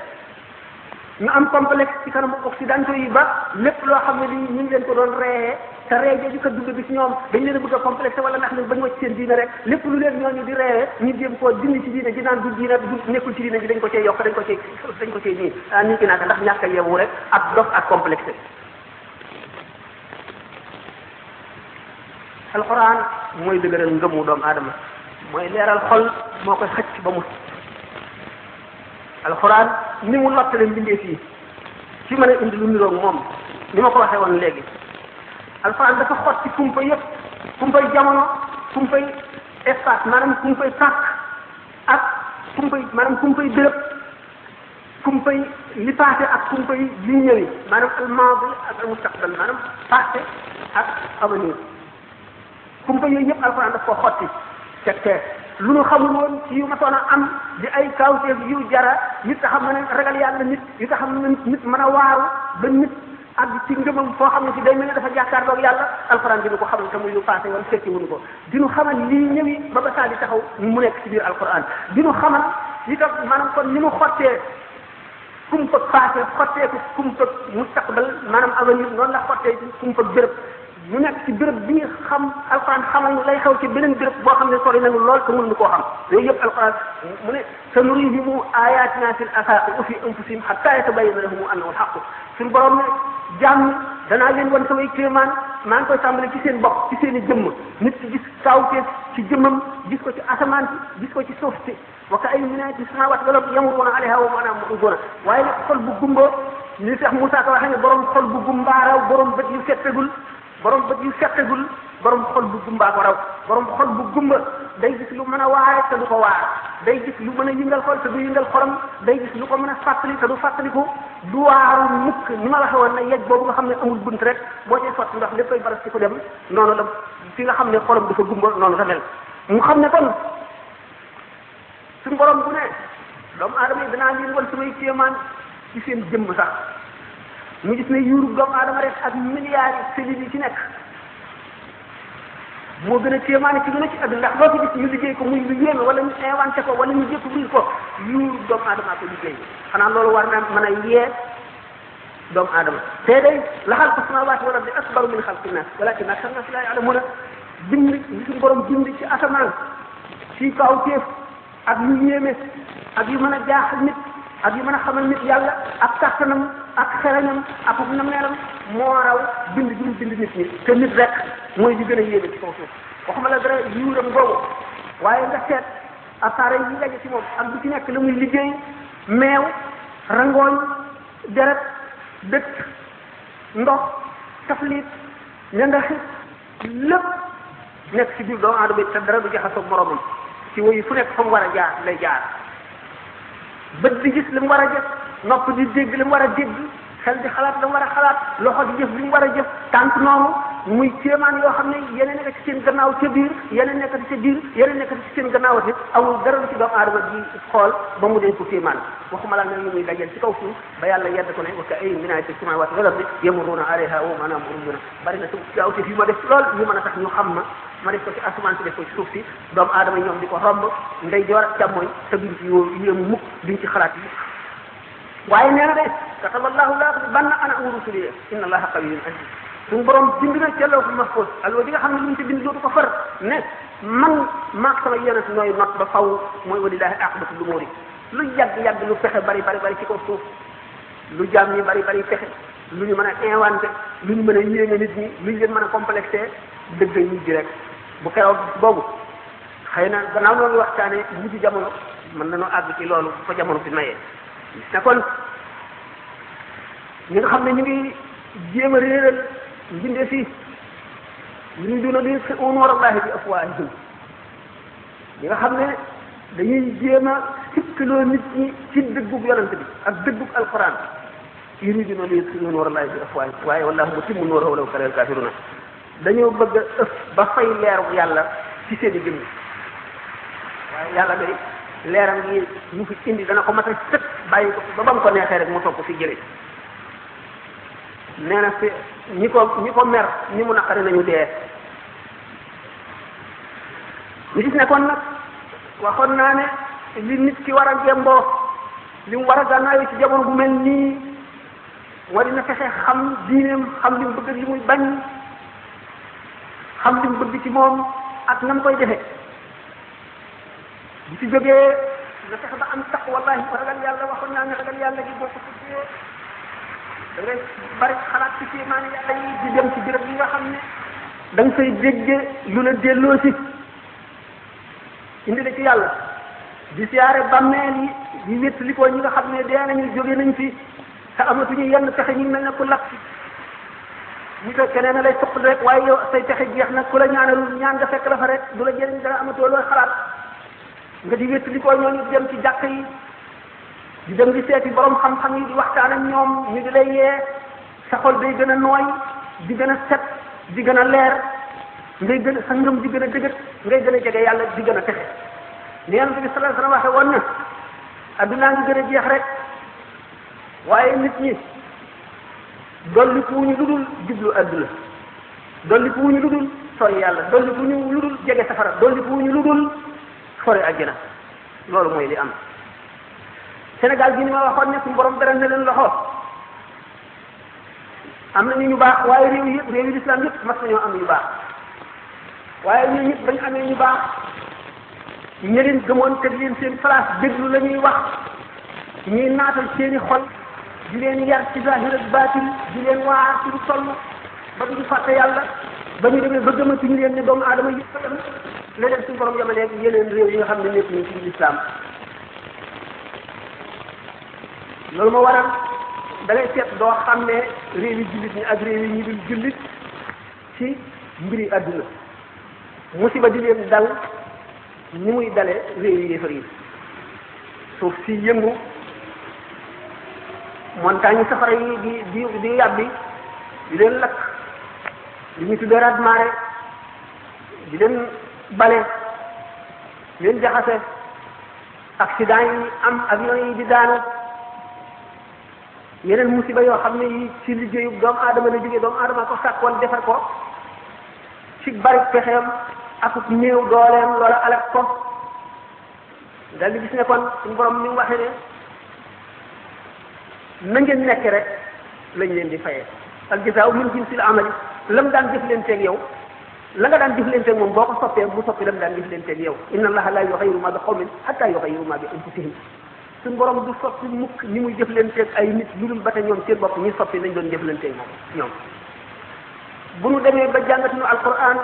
ñu am complexe ci kanamu occidentaux yi ba lépp loo xam ne li ñu leen ko doon reexee te ree jooju ko dugg bi ci ñoom dañ leen a bëgg a complexe wala ne ba bañ wacc seen diine rek lépp lu leen ñooñu di reewee ñu jéem koo dindi ci diine ji naan du diine nekkul ci diine ji dañ ko cee yokk dañ ko cee dañ ko cee nii ah, nit ki naaka ndax ñàkk a yeewu rek ak dof ak complexe alxuraan mooy dëgëral ngëmu doomu aadama mooy leeral xol moo koy xëcc ba mu alxuraan ni mu lottale mbindee fii fi ma a indi lu niroog moom ni ma ko waxee woon léegi alxuraan dafa xot ci kumpa yëpp kumpay jamono kumpay espace maanaam kumpay sàkk ak kumpay maanaam kumpay béréb kumpay li passé ak kumpay li ñëwi maanaam al maadi ak al mustaqbal maanaam passé ak avenir kumpa yooyu yëpp alxuraan daf ko xotti teg teg lu nu xamul woon ci yu masoon a am di ay kawteef yu jara yu taxam ne ragal yàlla nit yu taxam ne nit mën a waaru ba nit ak ci ngëmam foo xam ne si day mel ne dafa jàkkaarloog yàlla alxuraan dinu ko xamal te muy lu passé wala fekki mënu ko dinu xamal lii ñëwi ba ba saa di taxaw mu nekk ci biir alxuraan dinu xamal li tax maanaam kon ni mu xottee kum fa passé xotteeku kum fa mustaqbal maanaam avenir noonu la xottee kum fa béréb mu nekk ci béréb bi xam alquran xamal ñu lay xew ci beneen béréb boo xam ne sori nañu lool te mënuñu koo xam yooyu yëpp alquran mu ne sa nurihim ayatina fil afaqi wa fi anfusihim hatta yatabayyana lahum annahu alhaq suñu borom ne jàmm danaa leen wan samay kéemaan maa ngi koy tàmbali ci seen bopp ci seen i jëmm nit ki gis kawteef ci jëmmam gis ko ci asamaan si gis ko ci suuf si wa ka ay minati samawat wal ardi yamuruna alayha wa maanaam muriduna waaye nag xol bu gumba ni tax Moussa ko waxee ne borom xol bu gumbaaraw borom bët yu fettagul borom bët yu feqegul borom xol bu gumba ko raw borom xol bu gumba day gis lu mën a waare te du ko waar day gis lu mën a yëngal xol te du yëngal xolam day gis lu ko mën a fàttali te du fàttaliku du waaru mukk ni ma la waxoon na yegg boobu nga xam ne amul bunt rek boo cee sotti ndox léppay baras ci ko dem noonu la fi nga xam ne xolam ko gumba noonu la mel mu xam ne kon suñu borom bu ne doomu aadama yi danaa leen wan samay kéemaan ci seen jëmm sax mu gis ne yuuru doomu aadama rek ak milliards yi ci nekk moo gën a téemaane ci gën a ci àdduna ndax loo fi gis ñu liggéey ko muy lu yéeme wala ñu inventé ko wala ñu découvrir ko yuuru doomu aadama ko liggéey xanaa loolu war na mën a yee doomu aadama te day la xalqu samaawaati wal bi akbaru min xalqi naas walaakinna akthara naas laa ya'lamuun bind li suñu borom bind ci asamaan ci kaw téef ak yu yéeme ak yu mën a jaaxal nit ak yu mën a xamal nit yàlla ak kàttanam ak xereñam ak ak nam neelam moo raw bind bi mu bind nit ñi te nit rek mooy li gën a yéeme ci kaw suuf waxuma la dara yuuram boobu waaye nga seet appareil yi daje ci moom ak bu ci nekk la muy liggéey meew rangooñ deret dëkk ndox taflit ñandaxi lépp nekk ci biir doomu aadama te dara du jaxasoo moromam ci woyu fu nekk fa mu war a jaar lay jaar bët di gis li mu war a gis nopp di dégg li mu war a dégg xel di xalaat la war a xalaat loxo di jëf li war a jëf tànk noonu muy kéemaan yoo xam ne yeneen nekk ci seen gannaaw ca biir yeneen nekk ci ca biir ne ñu muy dajal ci kaw suuf ba yàlla yedd ko ne wa ka ay min ayaati samaawaati wal ardi yamurruuna alayha wa hum anhaa mu'riduun bari ma def lool yu mën a tax xam ma ma def ko ci asamaan si def ko ci suuf si doomu aadama ñoom di ko romb ndey joor ak càmmooñ te duñ ci yéemu mukk duñ ci xalaat yi waaye nee na de kataballahu laa banna ana am rusuli inna allaha qawiyun aziz suñu borom bind na ca lawhul mahfuz alwa di nga xam ne lu mu ci bind dootu ko far ne man maag sama yonent nooy not ba faw mooy walillahi aqibatu lumuri lu yàgg yàgg lu fexe bari bari bari ci kaw suuf lu jaam ñi bari bari fexe lu ñu mën a inventé lu ñu mën a yéene nit ñi lu ñu leen mën a complexé dëgg ñu di rek bu keroog boobu xëy na gannaaw loolu waxtaanee mujj jamono mën nañoo àgg ci loolu bu ko jamono bi mayee te kon ñi nga xam ne ñu ngi jéem a réeral mbinde fii yuriduna li yutfi'u nuurallahi bi afwaahihim ñi nga xam ne dañuy jéem a sikkiloo nit ñi ci dëggug yonent bi ak dëggug alquran yuriduna li yutfi'u nuurallahi bi afwaahihim waaye wallaahu mutimmu nuurahu walaw kariha alkaafiruuna dañoo bëgg a ëf ba fay leeru yàlla ci seen i jëmm waaye yàlla day leeram gi ñu fi indi dana ko matal sët bàyyi ko ba bam ko neexee rek mu topp fi jëlee nee na fi ñi ko ñi ko mer ñi mu naqari nañu dee ñu gis ne kon nag waxoon naa ne li nit ki war a jemboo li mu war a gànnaayu ci jamono bu mel nii war dina fexe xam diineem xam li mu bëgg li muy bañ xam li mu bëgg ci moom ak na mu koy defee bu ci jógee na fexe ba am taqwallahi ragal yàlla waxoon naa ne ragal yàlla gi boo ko tuddee da ngay bari xalaat ci ci maanaam yàlla yi di dem ci nga xam ne da nga fay dégge lu la ci yàlla di siyaare bàmmeel yi ñu wét li ko ñi nga xam ne dee nañu jóge nañ fi te amatuñu yenn pexe ñu mel ne ku lakk ñu ko keneen lay soqal rek waaye yow say pexe jeex na ku la ñaanalul ñaan nga fekk la fa rek du la jëriñ dara amatoo looy xalaat nga di wéttali ko ñooñu di dem ci jàkk yi di dem di yi boroom xam-xam yi di waxtaan ñoom ñu di lay yee sa xol day gën a nooy di gën a set di gën a leer ngay gën a sa ngëm di gën a dëgët ngay gën a jege yàlla di gën a texe ni yonent bi sallallahu alayhi wa gën a jeex rek waaye nit ñi dolli ku ñu ludul jublu adduna dolli ku ñu ludul sori yàlla dolli ku ñu ludul jege safara dolli ku ñu ludul sore àjjana loolu mooy li am Sénégal gi ni ma waxoon ne suñu borom beral na leen loxo am na ñu ñu baax waaye réew yëpp réew yi lislaam yëpp mas nañoo am ñu baax waaye ñun ñëpp bañ amee ñu baax ñi leen gëmoon teg leen seen place déglu la ñuy wax ñuy naatal seeni xol di leen yar ci zahir ak baatin di leen waar ci lu toll ba du fàtte yàlla ba ñu demee ba gëmatuñu leen ne doomu aadama yëpp la si suñu borom yamaleeg yeneen réew yi nga xam ne nekk ñu ci lislaam loolu moo waral da ngay seet doo xam ne réew yi jullit ñi ak réew yi ñu dul jullit ci mbiri àdduna musiba di leen dal ni muy dale réew yi yéefar yi suuf si yëngu montagne safara yi di di di yàbbi di leen lakk li ñu tuddee raz marée di leen bale ngeen jaxase accident yi am avion yi di daanu yeneen musiba yoo xam ne yi ci liggéeyu doomu aadama la jógee doomu aadama ko sàkkoon defar ko ci bari pexeem ak néew dooleem loola alak ko dal di gis ne kon suñu borom ni mu ne na ngeen nekk rek lañ leen di fayee al jazaaw min jinsil amali lam daan jëf leen teeg yow لا غا دان ديف لينتك موم بوكو سوبي بو سوبي لام دان ديف لينتك ياو ان الله لا يغير ما بقوم حتى يغيروا ما بانفسهم سن بوروم دو سوبي موك ني موي ديف لينتك اي نيت لولم باتا نيوم سير بوك ني سوبي نان دون ديف لينتك موم نيوم بونو دامي با جانغاتو القران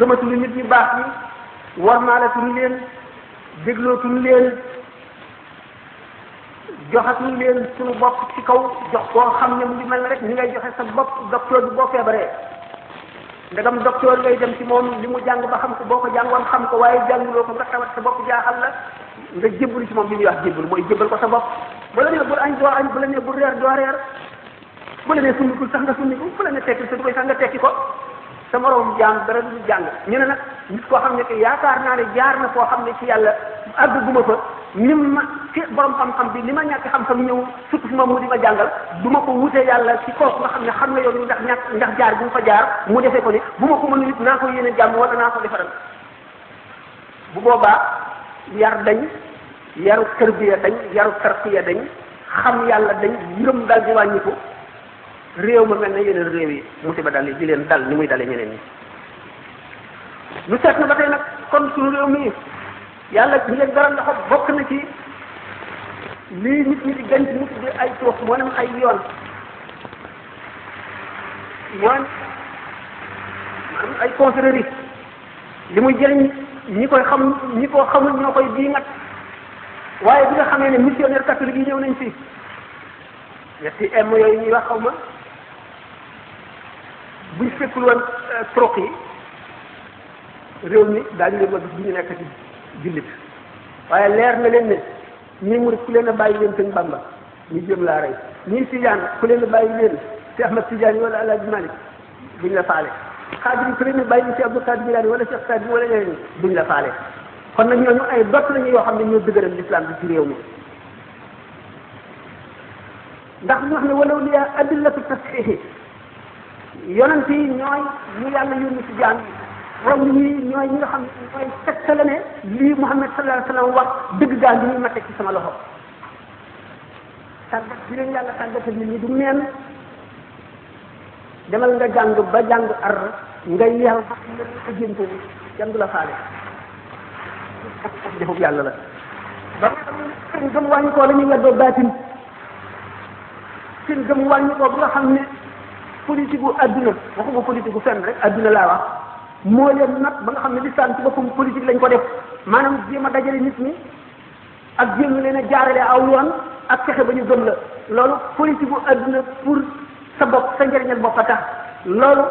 گماتو نيت ني باخ ني ورمالاتو ني لين دغلوتو ني لين joxatu leen sunu bopp ci kaw jox koo xam ne mu ngi mel rek ni ngay joxe sa bopp docteur bi boo feebaree ndegam docteur ngay dem ci moom li mu jàng ba xam ko boo ko jàngoon xam ko waaye jànguloo ko nga tawat sa bopp jaaxal na nga jébbalu ci moom li ñuy wax jébbalu mooy jébbal ko sa bopp bu la nee bul añ doo añ bu la nee bul reer doo reer bu la nee sunnigul sax nga sunniku bu la nee tekki sa koy sax nga tekki ko sa moroom jaam dara du jàng ñu ne nag nit koo xam ne que yaakaar naa ne jaar na foo xam ne ci yàlla àgg guma fa ni ma ci borom xam-xam bi li ma ñàkk xam-xam ñëw fi ma mu jàngal du ma ko wute yàlla ci kooku xam ne xam na yoon wi ndax ñàkk ndax jaar bu mu fa jaar mu defee ko ni bu ma ko mënul it naa ko yéene jàmm wala naa ko defaral bu boobaa yar dañ yaru tërbiya dañ yaru tarqiya dañ xam yàlla dañ yërëm dal di wàññiku réew ma mel ne yeneen réew yi musiba dal yi di leen dal ni muy dalee ñeneen ñi lu seet na ba tey nag kon suñu réew mii yàlla ñu leen garal loxo bokk na ci lii nit ñi di gën yoon moom maanaam ay confrérie ñi koy xam ñi ko xamul ñoo koy diimat waaye bi nga xamee ne missionnaire catholique yi ñëw nañ fii ñetti m yooyu ñuy wax xaw ma buñ fekkul woon turuq yi réew mi daañu leen ma gis bu ñu nekk ci jullit waaye leer na leen ne ñii murid ku leen a bàyyi leen sëñ Bamba ñu jëm laa rey ñii Tijaan ku leen a bàyyi leen si Ahmad Tijaan wala Alaaji Malik duñ la faale xaadir ku leen a bàyyi si Abdou Xaadir Jilaani wala Cheikh Saadi wala ñeneen duñ la faale kon nag ñooñu ay dot lañu yoo xam ne ñoo dëgëral lislaam bi ci réew mi ndax ñu wax ne walaw liya adillatu tasxiixi yonent yi ñooy ñu yàlla yónni ci jaam yi raw ñi ñooy ñi nga xam mooy ne lii Muhammad sallallahu alayhi wa wax dëgg daal li ñuy ma teg sama loxo tàggat bi yàlla tàggat nit ñi du neen demal nga jàng ba jàng ar nga yeew a jénto bi kenn la faale defub ba seen gëm wàññi koo la ne politique gu adduna waxuma politique gu fenn rek adduna laa wax moo leen nag ba nga xam ne lislam ci boppam politique lañ ko def maanaam jéem a dajale nit ñi ak jéem leen a jaarale aw yoon ak fexe ba ñu gëm la loolu politique gu adduna pour sa bopp sa njëriñal bopp a tax loolu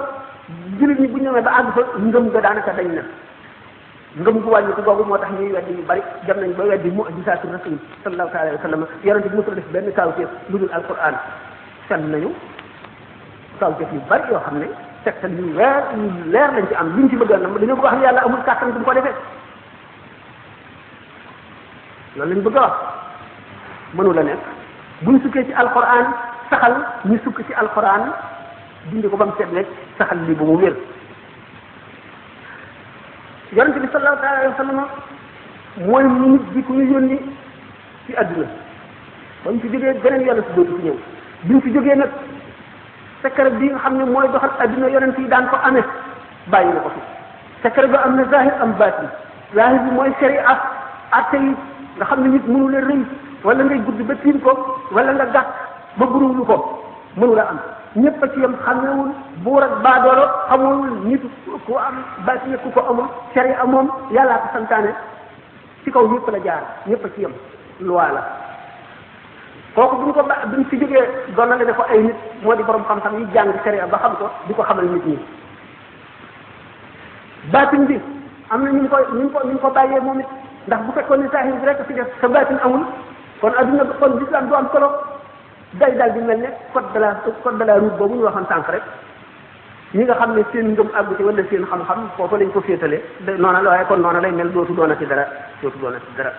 jullit ñi bu ñu demee ba àgg fa ngëm ga daanaka dañ na ngëm gu wàññi ko googu moo tax ñuy weddi yu bari dem nañ ba weddi mu'jizaatu rasul sallallahu alayhi wa sallam yonente bi mosul def benn l lu dul alquran fenn nañu sawjat yu bari yoo xam ne tegtal yu leer yu leer lañ ci am luñ ci bëgg a nam dañoo bëgg wax ne yàlla amul kàttan bu mu ko defee loolu lañ bëgg a wax mënu la nekk buñ sukkee ci alquran saxal ñu sukk ci alquran dindi ko ba mu set saxal lii ba mu wér yonente bi sallallahu taala alayhi wa sallam mooy nit bi ku ñu yónni ci àdduna ba mu fi jógee beneen yàlla si dootu fi ñëw bi mu fi jógee nag secret bi nga xam ne mooy doxal adduna yonent yi daan ko amee bàyyi na ko fi secret ba am na zahir am baatin zahir bi mooy sharia atte yi nga xam ne nit mënu la rëy wala ngay gudd ba tiim ko wala nga gàtt ba buruwlu ko mënu la am ñëpp a ci yam xamewul buur ak baadoolo xamul nit ku am baatin ku ko amul sharia moom yàllaa ko santaane ci kaw ñëpp la jaar ñëpp a ci yam loi la ko bu ñu ko ba bu ñu fi jógee donnale ne ko ay nit moo di boroom xam-xam yi jàng sharia ba xam ko di ko xamal nit ñi baatin bi am na ñu ko ñu ko ñu ko bàyyee moom it ndax bu fekkoon ne saahir bi rek fi def sa baatin amul kon adduna kon lislaam du am solo day daal di mel ne code de la code de la route boobu ñu waxoon sànq rek ñi nga xam ne seen ngëm àggu ci wala seen xam-xam foofu lañ ko féetale noona la waaye kon noona lay mel dootu doonati dara dootu doonati dara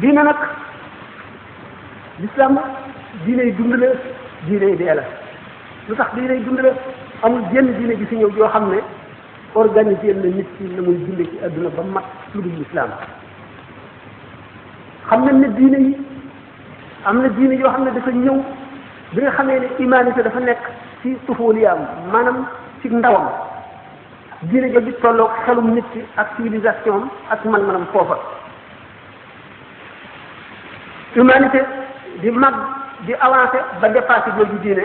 diine nag lislaam diine yi dund la diine yi dee la lu tax diine yi dund la amul jenn diine ji fi ñëw joo xam ne organisé na nit ki la muy dunde ci àdduna ba mat lu dul lislaam xam nañ ne diine yi am na diine yoo xam ne dafa ñëw bi nga xamee ne humanité dafa nekk ci tufuliyaam maanaam ci ndawam diine jooju tolloog xelum nit ak civilisation ak man-manam foofa humanité di mag di avancé ba dépassé jooju diine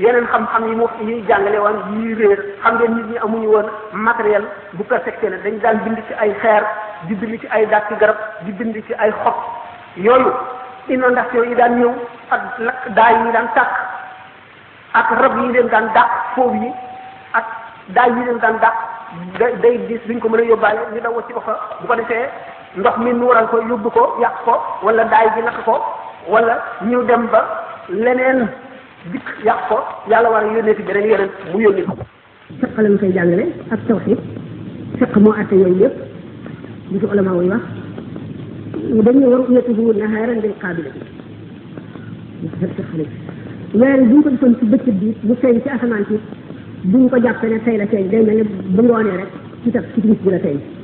yeneen xam-xam yi mu yi jàngale woon yi réer xam nga nit ñi amuñu woon matériel bu perfectionné dañ daan bind ci ay xeer di bind ci ay dàkki garab di bind ci ay xob yooyu inondation yi daan ñëw ak lakk daay yi daan tàkk ak rab yi leen daan dàq foof yi ak daay yi leen daan dàq day gis duñ ko mën a yóbbaale ñu daw ci ba fa bu ko defee ndox mi nuural ko yóbbu ko yàq ko wala daay bi lakk ko wala ñu dem ba leneen dikk yàq ko yàlla war a yónnee ci beneen yeneen koy jàngale ak tawxiid fiq moo àtte yooyu yëpp li ci ulama yi wax dañuy war ru'yatuhu nahaaran bil qaabila weer bi bu ñu ko defoon ci bëccëg bi mu feeñ ci asamaan si bu ñu ko jàppee ne tey la feeñ day mel ne bu ngoonee rek ci tax ci timis bi la feeñ.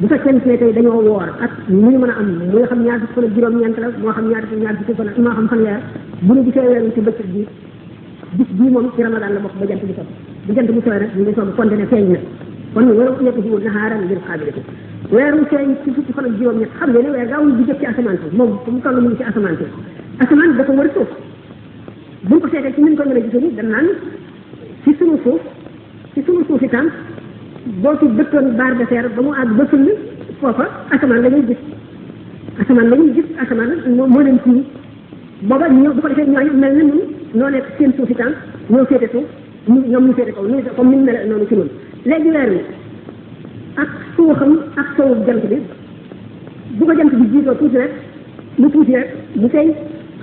bu fekkente ne tey dañoo woor ak muy mën a am muy xam ñaar fukki fan ak juróom-ñeent la moo xam ñaar fukki ñaar fukki fan ak moo xam fanweer bu ñu gisee weeru moom ci la bokk ba na kon si moom fu mu toll asamaan si asamaan dafa suuf bu ñu ko ci ñu ko mën a gisee ni dañ ci sunu suuf ci sunu suuf itam boo ci dëkkoon barre de fer ba mu àgg ba fëlli foofa asamaan la ñuy gis asamaan la ñuy gis asamaan moo leen fii booba ñoo bu ko defee ñooñu mel ni ñun ni mu mel noonu ci ñun léegi weer wi ak suuxam ak sowu jant bi bu ko jant bi jiitoo tuuti rek lu tuuti rek bu tey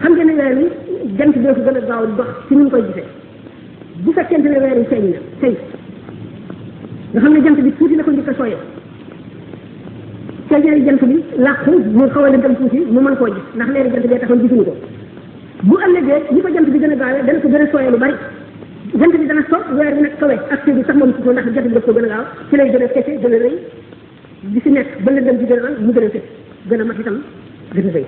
xam nga ne weer wi jant bee ko gën a gaaw dox ci ni ñu koy gisee bu fekkente ne weer wi feeñ na tey nga xam ne jant bi tuuti la ko njëkk a sooyee cajëri jant bi làqu mu xaw a lëndëm tuuti mu mën koo gis ndax leeri jant bee taxoon gisuñu ko bu ëllëgee ñi ko jant bi gën a gaawee ko gën a bi dana soog weer bi nag kawe ak bi sax moom ko ndax jant bi a gaaw ci lay gën a fese gën nekk ba lëndëm bi gën a mu gën a fes a mat itam gën a rëy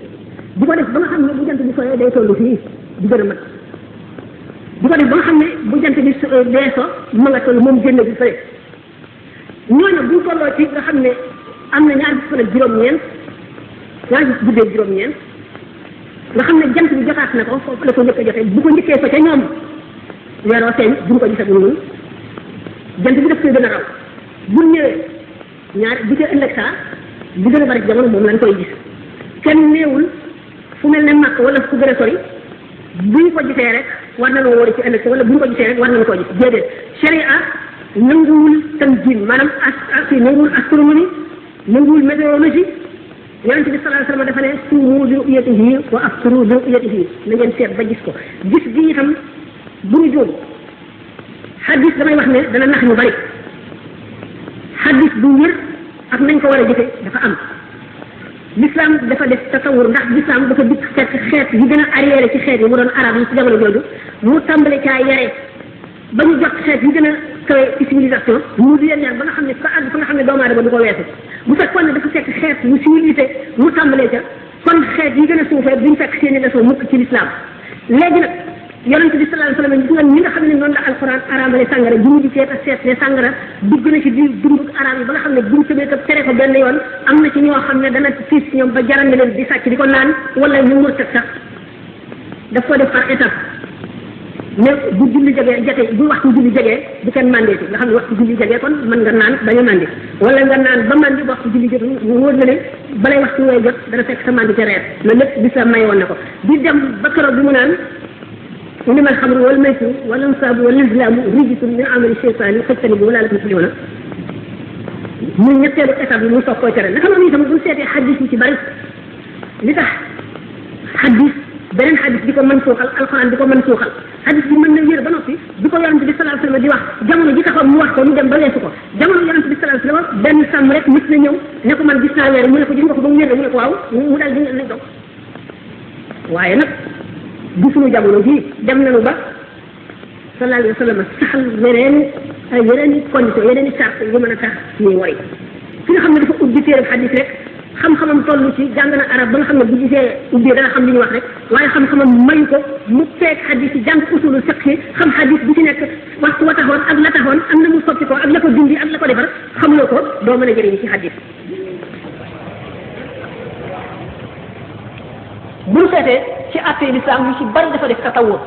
di ko def ba xam ne bu jant bi sooyee day tollu fii di gën a mat di ko def ba nga xam ne bu jant bi deesoo ma nga toll moom génn bi fële ñooñu bu ñu tolloo ci nga xam ne am na bu fukk ak juróom-ñeent ñaar fukk guddee juróom-ñeent nga xam ne jant bi jotaat na ko foofu la ko a bu ko njëkkee fa ca ñoom weeroo seen bu ñu ko gisagul ñun jant bi daf koy gën a raw bu ñëwee ñaar bi ca ëllëg saa bi gën jamono moom lañ koy kenn néewul fu mel ne màkk wala fu gën bu ñu ko gisee rek war nañoo wóor ci ëllëg sa wala bu ko gisee rek war nañu ko gis déedéet sharia nanguwul tanjim maanaam as si nanguwul astronomie nanguwul météorologie yonent bi salaa sallam dafa ne suumu ru'yatihi wa aftaru ru'yatihi na ngeen seet ba gis ko gis gi itam bu ñu jóom xadis damay wax ne dana nax ñu bari xadis bu wér ak nañ ko war a jëfe dafa am l'islam dafa def tasawur ndax l'islam dafa dikk fekk xeet yi gën a arrière ci xeet yi mu doon arab yi ci jamono jooju mu tàmbale caa yare ba ñu jot xeet yi gën a kawe ci civilisation mu di leen ba nga xam ne fa nga xam ne doomu aadama du ko weesu bu fekkoon ne dafa fekk xeet mu civilisé mu tàmbalee ca kon xeet yi gën a suufee duñ fekk seeni leçon mukk ci lislaam léegi nag yonente nga xam ne noonu la alquran araamale sàngara ji mu di seet a seet ne sàngara dugg na ci di dundug araam ba nga xam ne buñ tëbee ko tere ko benn yoon am na ci ñoo xam ne dana fiis ñoom ba jaram ne leen di sàcc di ko naan mais bu julli jegee jege bu waxtu julli jegee bu kenn mandé ci nga xam ne waxtu julli jegee kon mën nga naan bañ a mandé wala nga naan ba mandé ba waxtu julli jotul mu wóor la ne balay waxtu wooy ko di dem ba keroog bi mu naan innamal xamru wal maysiru wal ansaabu wal azlaamu rijsun min amali sheytaani fajtanibuuhu la'allakum tuflihuuna muy ñetteelu étape bi mu soog koy tere naka noonu itam bu seetee xaddis yi ci bari li tax xaddis benen hadith diko man soxal alquran diko man soxal hadith xadis bi mën na wér ba noppi diko yaronte bi sallallahu alayhi wasallam di wax jamono ji taxaw mu wax ko mu dem ba lesu ko jamono yaronte bi sallallahu alayhi wasallam benn sam rek nit na ñëw ne ko man gis na weer mu ne ko gis nga ko ba mu mu ne ko waaw mu dal di lañ ko waye nak bu suñu jamono gi dem nañu ba sallallahu alayhi wa sallam saxal yeneen yeneen i condition yeneen i sart yu mën a tax ni way fi nga xamne dafa ubbi téere hadith rek xam-xamam toll ci jàng na arab ba nga xam ne bu gisee ubbee dana xam ni ñu wax rek waaye xam-xamam mayu ko mu feeg xadis yi jàng usulu fiq yi xam xadis bu ci nekk waxtu wa taxoon ak la taxoon am na mu soppi ko ak la ko dindi ak la ko defar xamloo ko doo mën a jëriñ ci xadis bu ñu ci àttee lislaam yu ci bari dafa def tasawur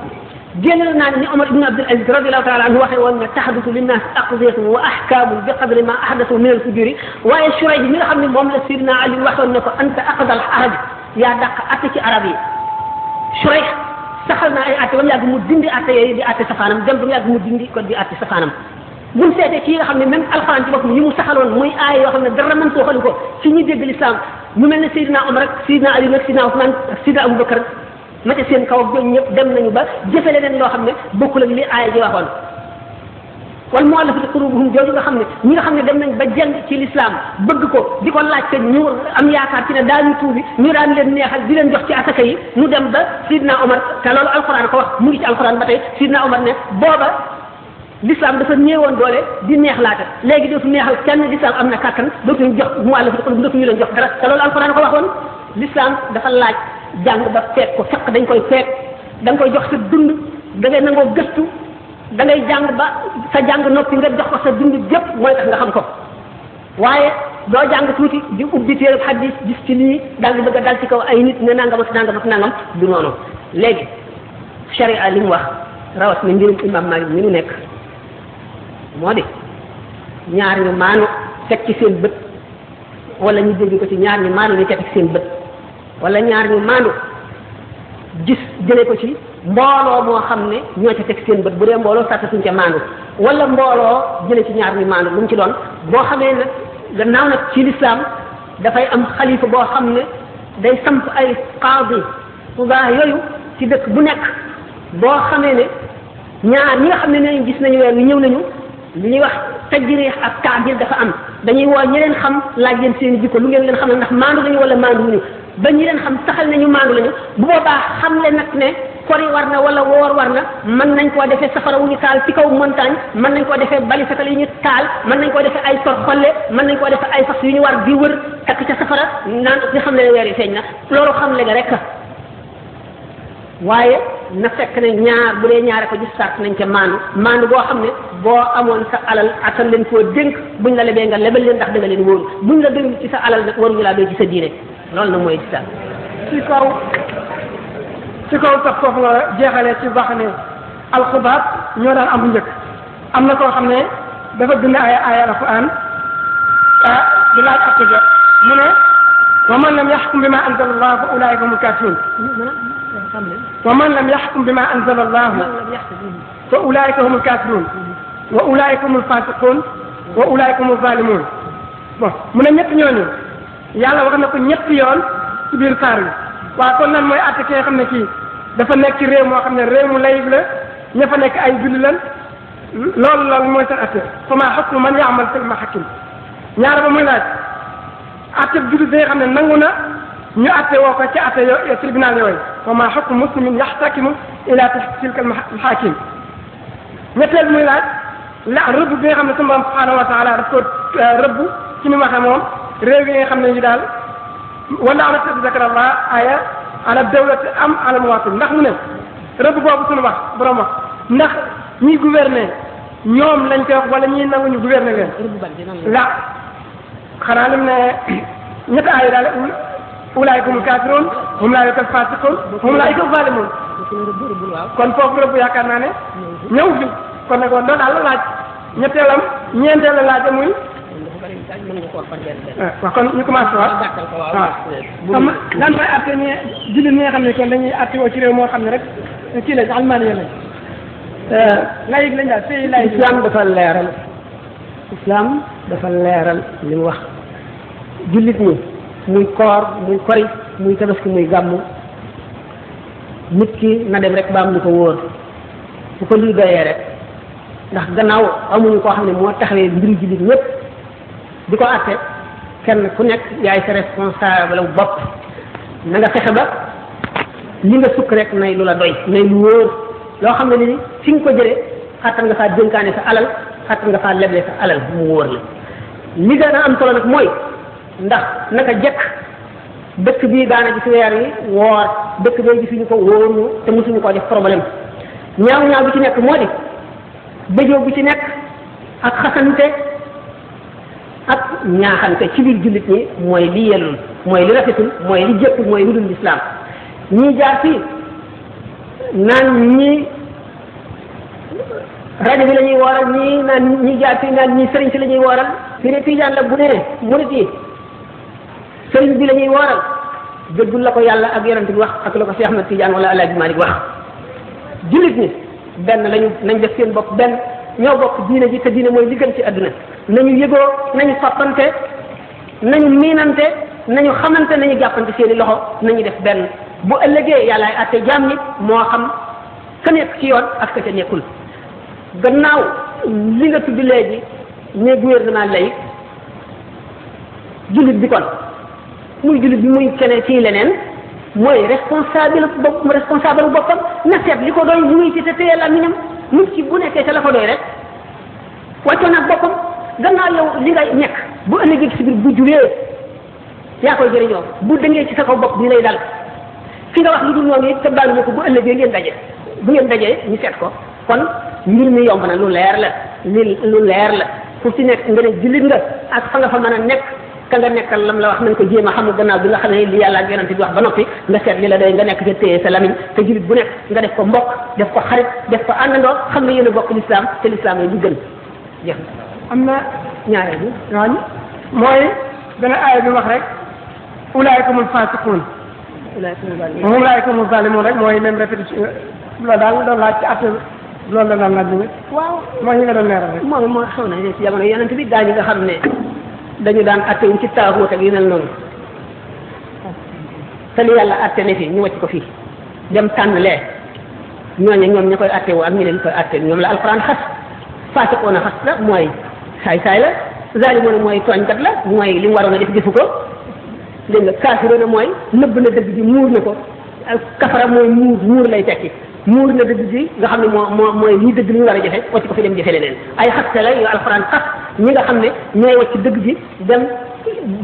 جينا نان عمر بن عبد العزيز رضي الله تعالى عنه وخي وان تحدث للناس اقضيه واحكام بقدر ما احدثوا من الفجور واي شريج مي خامني موم لا سيدنا علي وخون نكو انت اقضى الحاج يا دق اتي عربي شريج سخلنا اي اتي بام ياغ اتي دي اتي سفانم دم بام ياغ مو دي اتي سفانم بون سيتي كي خامني ميم القران تي بوكم يمو سخالون اي يو خامني دار من توخالوكو سي ني ديغ سيدنا عمر سيدنا علي سيدنا عثمان سيدنا ابو بكر la ca seen kaw ak ñoom ñëpp dem nañu ba jëfe leneen loo xam ne bokkul ak li aaya ji waxoon wal muallafati qulubuhum jooju nga xam ne ñi nga xam ne dem nañ ba jënd ci lislaam bëgg ko di ko laaj te ñu am yaakaar ci ne daañu tuubi ñu daan leen neexal di leen jox ci asaka yi mu dem ba Sidna Omar te loolu alxuraan ko wax mu ngi ci alxuraan ba tey Sidna Omar ne booba lislaam dafa néewoon doole di neex laata léegi dootu neexal kenn lislaam am na kàttan dootuñu jox muallafati qulubuhum dootuñu leen jox dara te loolu ko waxoon lislaam dafa laaj jàng ba feet ko fekk dañ koy feet da koy jox sa dund da ngay nangoo gëstu da jàng ba sa jàng noppi nga jox ko sa dund gépp mooy tax nga xam ko waaye doo jàng tuuti di ubbi téereb xaddis gis ci lii daal di bëgg a dal ci kaw ay nit ne nangam ak nangam ak nangam du noonu léegi sharia li mu wax rawat na mbirum imam Maalik mi nu nekk moo di ñaar ñu maanu teg ci seen bët wala ñu dégg ko ci ñaar ñu maanu ñu teg ci seen bët wala ñaar ñu maandu gis jële ko ci mbooloo moo xam ne ñoo ca teg seen bët bu dee mbooloo sàkk suñ ca maandu wala mbooloo jële ci ñaar ñu maandu lu mu ci doon boo xamee nag gannaaw nag ci lislaam dafay am xalifa boo xam ne day samp ay qaadi fugaa ci dëkk bu nekk boo xamee ne ñaar ñi nga xam ne nañ gis nañu weer wi ñëw nañu lu ñuy wax tajriix ak taadil dafa am dañuy woo ñi leen xam laaj leen seen jikko lu ngeen leen xam ne ndax maandu nañu wala maandu wuñu ba ñi leen xam saxal nañu maandu lañu bu boobaa xam le nag ne kori war na wala woor war na mën nañ koo defee safara wu ñu taal ci kaw montagne mën nañ koo defee bali sakal yu ñu taal mën nañ koo defee ay tor xolle mën nañ koo defee ay fas yu ñu war di wër takk ca safara naan di xam le weer yi feeñ na loolu xam le rek waaye na fekk ne ñaar bu dee ñaare ko gis sart nañ ca maandu maandu boo xam ne boo amoon sa alal atal leen koo dénk buñ la lebee nga lebal leen ndax leen wóoru buñ la dénk ci sa alal nag waruñu laa doy ci sa diine loolu la mooy islam ci kaw ci kaw tax foofu nga jeexalee ci wax ne alxubaat ñoo daan amu njëkk am na koo xam ne dafa bind ay ay alquran ah di laaj ak ko jot mu ne wa man lam yaxkum bima anzal allah fa ulaika hum kafirun wa man lam yaxkum bima anzal allah fa ulaika hum kafirun wa ulaika hum fasiqun wa ulaika hum zalimun bon mu ne ñett ñooñu yàlla wax na ko ñett yoon ci biir saar bi waaw kon nan mooy àtte ki nga xam ne kii dafa nekk ci réew moo xam ne réew mu layib la ña fa nekk ay julli lan loolu loolu mooy seen àtte fa maa xukmu man yaamal fil ma xakim ñaar ba muy laaj àtte julli bi nga xam ne nangu na ñu àtte woo ko ci àtte yo tribunal yooyu fa maa xukmu muslimin yaxtakimu ila tilka al xakim ñetteel muy laaj la rëbb bi nga xam ne sunu borom subhanahu wa taala daf ko rëbb ci ni waxe moom réew yi nga xam ne ñu daal wala ana tëdd zakarallah aya ala dawlati am ala muwatin ndax mu ne rëbb boobu sunu wax borom wax ndax ñi gouverner ñoom lañ koy wax wala ñi nangu ñu gouverner leen la xanaa lim ne ñetti aaya daal ulaayikumul kaafiroon hum laayikal fasiqoon hum laayikal zalimun kon foofu rëbb yaakaar naa ne ñëw fi kon nag loolu daal la laaj ñetteelam ñeenteela laaj muy waaw kan kan. eh, nah, kon ñu commencé waat waaw xam lan mooy atte ñi jullit ñi nga xam ne kon dañuy atte woo ci réew moo xam ne rek kii nah, lañ almaani lañ layig lañ daal fii layig islam dafa leeral islam dafa leeral li mu wax jullit ñi muy koor muy kori muy tabaski muy gàmm nit ki na dem rek baam lu ko wóor bu ko lii doyee rek ndax gannaaw amuñu koo xam ne moo taxawee mbir jullit ñëpp di ko àtte kenn ku nekk yaay sa responsable bu bopp na nga fexe ba li nga sukk rek nay lu la doy nay lu wóor loo xam ne ni fi nga ko jële xattan nga faa dénkaane sa alal xattan nga faa leble sa alal mu wóor la li gën a am solo nag mooy ndax naka jëkk dëkk bii daana gis weer yi woor dëkk bee gisuñu ko wóoruñu te mosuñu koo def problème ñaaw ñaaw bi ci nekk moo di bëjoo bu ci nekk ak xasante ak ñaaxante ci biir jullit ñi mooy li yellul mooy li rafetul mooy li jëkkul mooy lu dul lislaam ñii jaar fii naan ñii rajo bi la ñuy wooral ñii naan ñii jaar fii naan ñii sëriñ si la wooral fi ne tijaan la bu ne murit yi sëriñ bi lañuy ñuy wooral dëggul la ko yàlla ak yonent bi wax ak la ko Seex Ahmad Tijaan wala Alaaji Maalik wax jullit ñi benn lañu nañ def seen bopp benn ñoo bokk diine ji te diine mooy li gën ci àdduna nañu yëgoo nañu soppante nañu miinante nañu xamante nañu jàppante seeni loxo nañu def benn bu ëllëgee yàllaay àtte jaam ñi moo xam ka nekk ci yoon ak ka ca nekkul gannaaw li nga tudd léegi ne gouvernement lay jullit bi kon muy jullit bi muy keneen fii leneen mooy responsable bopp boppam na seet li ko doy muy ci te téye làmmiñam mu ci bu nekkee ca la ko doy rek wàccoo nag boppam gannaaw yow li nga nekk bu ëllëgee ci biir bu juree yaa koy jëriñoo bu dëngee ci sa kaw bopp bi lay dal fi nga wax lu dul noonu it te baalu ko bu ëllëgee ngeen daje bu ngeen dajee ñu seet ko kon mbir mi yomb na lu leer la li lu leer la fu ci nekk nga ne jullit nga ak fa nga fa mën a nekk ka nga nekkal lam la wax nañ ko jéem a xam gannaaw bi nga xam ne li yàlla ak yonent bi wax ba noppi nga seet li la day nga nekk ca téye sa lamin te julit bu nekk nga def ko mbokk def ko xarit def ko àndandoo xam ne yéen a bokk lislaam te lislaam yi bu gën jeex am na ñaareel bi ñooñu mooy dana aaya bi wax rek ulaayikum alfasiqun moom ulaayikum alzalimun rek mooy même répétition loolu daal doon laaj ci affaire loolu la doon laaj waaw mooy ñi nga doon leeral rek moom moo xaw na ci jamono yonent bi gaa ñi nga xam ne dañu daan atte wuñ ci taaxuut ak yu la noonu te li yàlla atte ne fii ñu wacc ko fii dem tànn lee ñooñu ñoom ña koy atte woo ñu ñi leen koy atte ñoom la alxuraan xas na xas la mooy saay saay la zaalimoona mooy tooñkat la mooy li mu waroon a def defu ko dégg nga kaafiroona mooy nëbb na dëgg ji muur na ko kafara mooy muur muur lay tekki muur na dëgg ji nga xam ne moo moo mooy ñi dëgg li ñu war a jafe wacc ko fi dem jafe leneen ay xas la yu alxuraan xas ñi nga xam ne ñooy wacc dëgg bi dem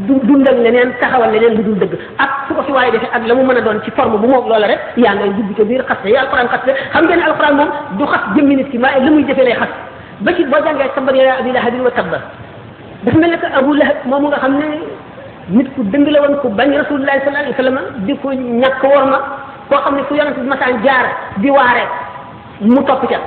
dundal leneen taxawal leneen lu dul dëgg ak su ko fi waaye defee ak la mu mën a doon ci forme bu moog loola rek yaa ngay dugg ca biir xas yi alquran xas de xam ngeen alquran moom du xas jëmmi nit ki waaye la muy defee lay xas ba ci boo jàngee sabar yaa abi lahabin wa tabba dafa mel ne que abu lahab moomu nga xam ne nit ku dëng la woon ku bañ rasulullah sallallahu alayhi wa sallam di ko ñàkk worma koo xam ne ku yonent bi masaan jaar di waare mu topp ca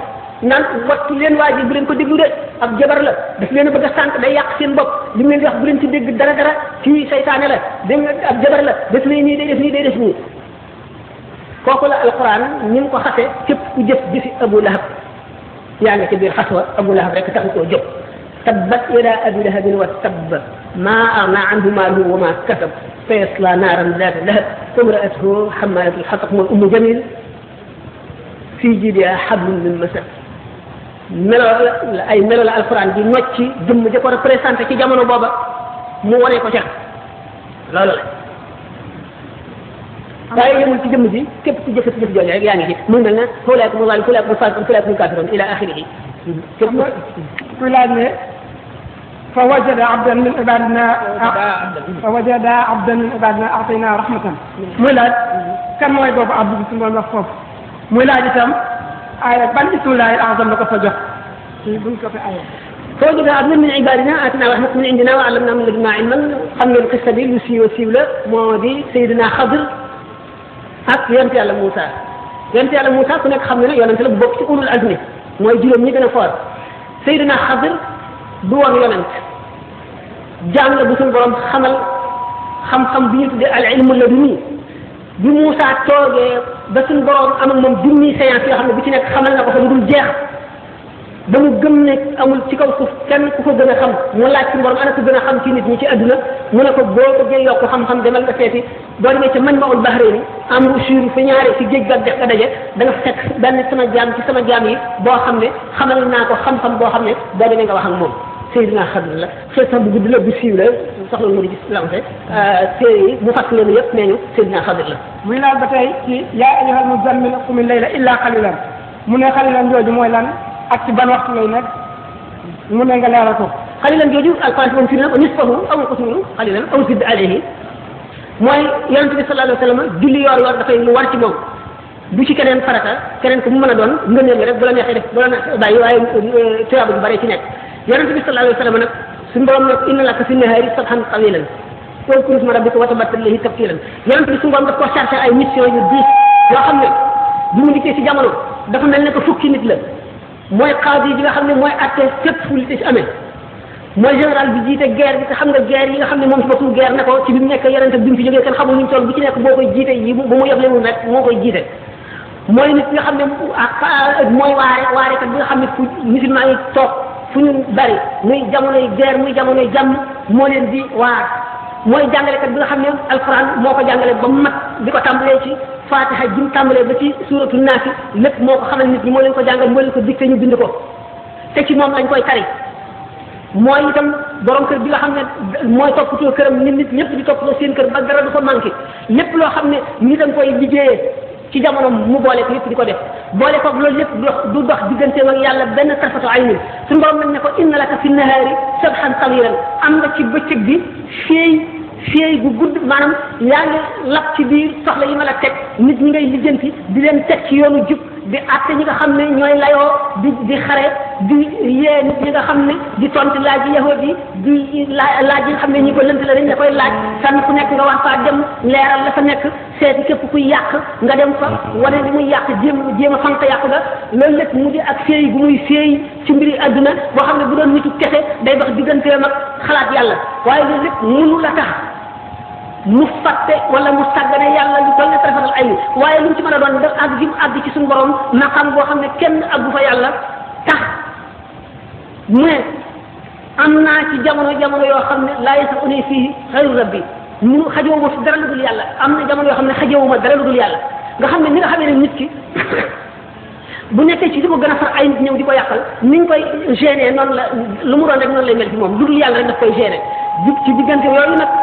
nan wat len waji bu len ko déglu de ak jabar la daf len beug a day yak seen bopp lim len wax bu len ci deg dara dara ci shaytané la dem ak jabar la def lay nii day def ni day def ni kooku la alquran ni ko xasse képp ku jëf bi jëfi abu lahab ya nga ci bir khaswa abu lahab rek tax ko jop tabbat ila abi lahab wa tabb ma arna anhu lu wa ma kasab sayasla naaran la la tumra'atuhu hamalat xatab min ummu jamil في جيدها حبل من مسد melo ay melo la alquran di nocc jëm ja ko représenté ci jamono booba mu waree ko ca loolu la waaye yemul ci jëmm ji képp ci jëfati jëf jooju rek yaa ngi ci mu mel ne fulaak mu zalim fulaak mu fasiq fulaak mu kafiroon ila axirihi képp ku laaj ne فوجد عبدا من عبادنا فوجد عبدا من عبادنا اعطيناه رحمه مولاد كان موي بوب عبد بسم الله فوف مولاد تام آية بعد بسم الله الأعظم لقصة جه فوجد عبد من عبادنا آتنا رحمة من عندنا وعلمنا من لدنا علما خمن القصة دي لوسي وسيولة موادي سيدنا خضر ak yonte yàlla Moussa yonte yàlla Moussa ku nekk xam ne ne yonente la bu bokk ci ulul azmi mooy juróom ñi gën a foor Seydina Xadir du woon yonent jaam la bu suñ borom xamal xam-xam bi ñu tuddee al ilmu la bi nii bi Moussa toogee ba suñ borom am ak moom junniy séance yoo xam ne bu ci nekk xamal na ko fa lu dul jeex ba mu gëm ne amul ci kaw suuf kenn ku ko gën a xam mu laaj ci borom ana ko gën a xam ci nit ñi ci àdduna mu ne ko boo ko jël yokk xam-xam demal nga seeti boo demee ca man maul baxre ni am lu suur fi ñaare ci géej gàgg dex ka daje da nga fekk benn sama jaam ci sama jaam yi boo xam ne xamal naa ko xam-xam boo xam ne boo demee nga wax ak moom سيدنا خضر الله سيدنا بقد الله بسيولة صلى الله عليه وسلم سيدي مفصل لنا يقف مينو سيدنا خضر الله من الله بتاعي يا أيها المزمن قم الليلة إلا قليلا من خليلا جوج مويلا أكتبان وقت لينك من ينقل على طول خليلا جوج القرآن في المسيرنا ونصفه أو القسمه خليلا أو زد عليه موي يانتو صلى الله عليه وسلم جلي يوار يوار دفعي يوار تبوك du ci keneen farata keneen ko mu mën a doon ngëneel rek bu la neexee def bu la baayi waaye euh, tuyaab bu bare ci nekk yonent bi sallallahu alayhi wasallam nak suñu borom nak inna laka fi nihari sabhan qawilan kon kun ma rabbika wa tabattal lahi tabtilan yonent bi suñu borom daf ko chargé ay mission yu diis yoo xam ne bi mu dikkee ci jamono dafa mel ne ko fukki nit la mooy xaadi bi nga xam ne mooy atte fépp fu li ci amee mooy général bi jiite guerre bi te xam nga guerre yi nga xam ne moom si boppam guerre na ko ci bi mu nekk yonent bi mu fi jógee kenn xamul ñu toll bu ci nekk boo koy jiite yi bu mu yeblewu nag moo koy jiite mooy nit nga xam ne mooy waare waare kat bi nga xam ne fu musulman yi toog fu ñu bari muy jamonoy guerre muy jamonoy jàmm moo leen di waar mooy jàngalekat bi nga xam ne alquran moo ko jàngale ba mat di ko tàmbalee ci fatiha jim tàmbalee ba ci suratu naasi lépp moo ko xamal nit ñi moo leen ko jàngal moo leen ko dicté ñu bind ko te ci moom lañ koy tari mooy itam borom kër bi nga xam ne mooy toppatoo këram nit nit ñëpp di toppatoo seen kër ba dara du ko manqué lépp loo xam ne ñi dañ koy liggéeyee ci jamono mu boole ko yépp di ko def boole ko loolu lépp du dox diggante ak yàlla benn tarfatu aynin suñu borom nag ne ko inna laka fi nahaari sabhan tawiran am nga ci bëccëg bi feey feey gu gudd maanaam yaa ngi lab ci biir soxla yi ma la teg nit ñi ngay lijjanti di leen teg ci yoonu jub di àtte ñi nga xam ne ñooy layoo di di xare di yee nit ñi nga xam ne di tontu laaj yi yahud yi di laaj yi nga xam ne ñi ko lënt la dañ la koy laaj sànni ku nekk nga war faa dem leeral la fa nekk seeti képp kuy yàq nga dem fa mm-hmm. wane li muy yàq jéem jéem a fanq yàq ga loolu lépp mu di ak séey bu muy séey ci mbiri àdduna boo xam ne bu doon nitu kese day dox digganteem ak xalaat yàlla waaye loolu lépp mënu la tax mu fàtte wala mu sàggane yàlla lu toll ne rafetal ay waaye lu mu ci mën a doon def àgg gi ci suñu borom maqam boo xam ne kenn àggu fa yàlla tax mu ne am naa ci jamono jamono yoo xam ne laa yasa'uni fii xayru rabbi mu xajowuma fi dara lu dul yàlla am na jamono yoo xam ne xajowuma dara lu dul yàlla nga xam ne ni nga nit ki bu nekkee ci li ko gën far ay nit ñëw di ko yàqal ni ñu koy gérer noonu la lu mu doon rek noonu lay mel ci moom lu dul yàlla rek daf koy gérer ci diggante yooyu nag.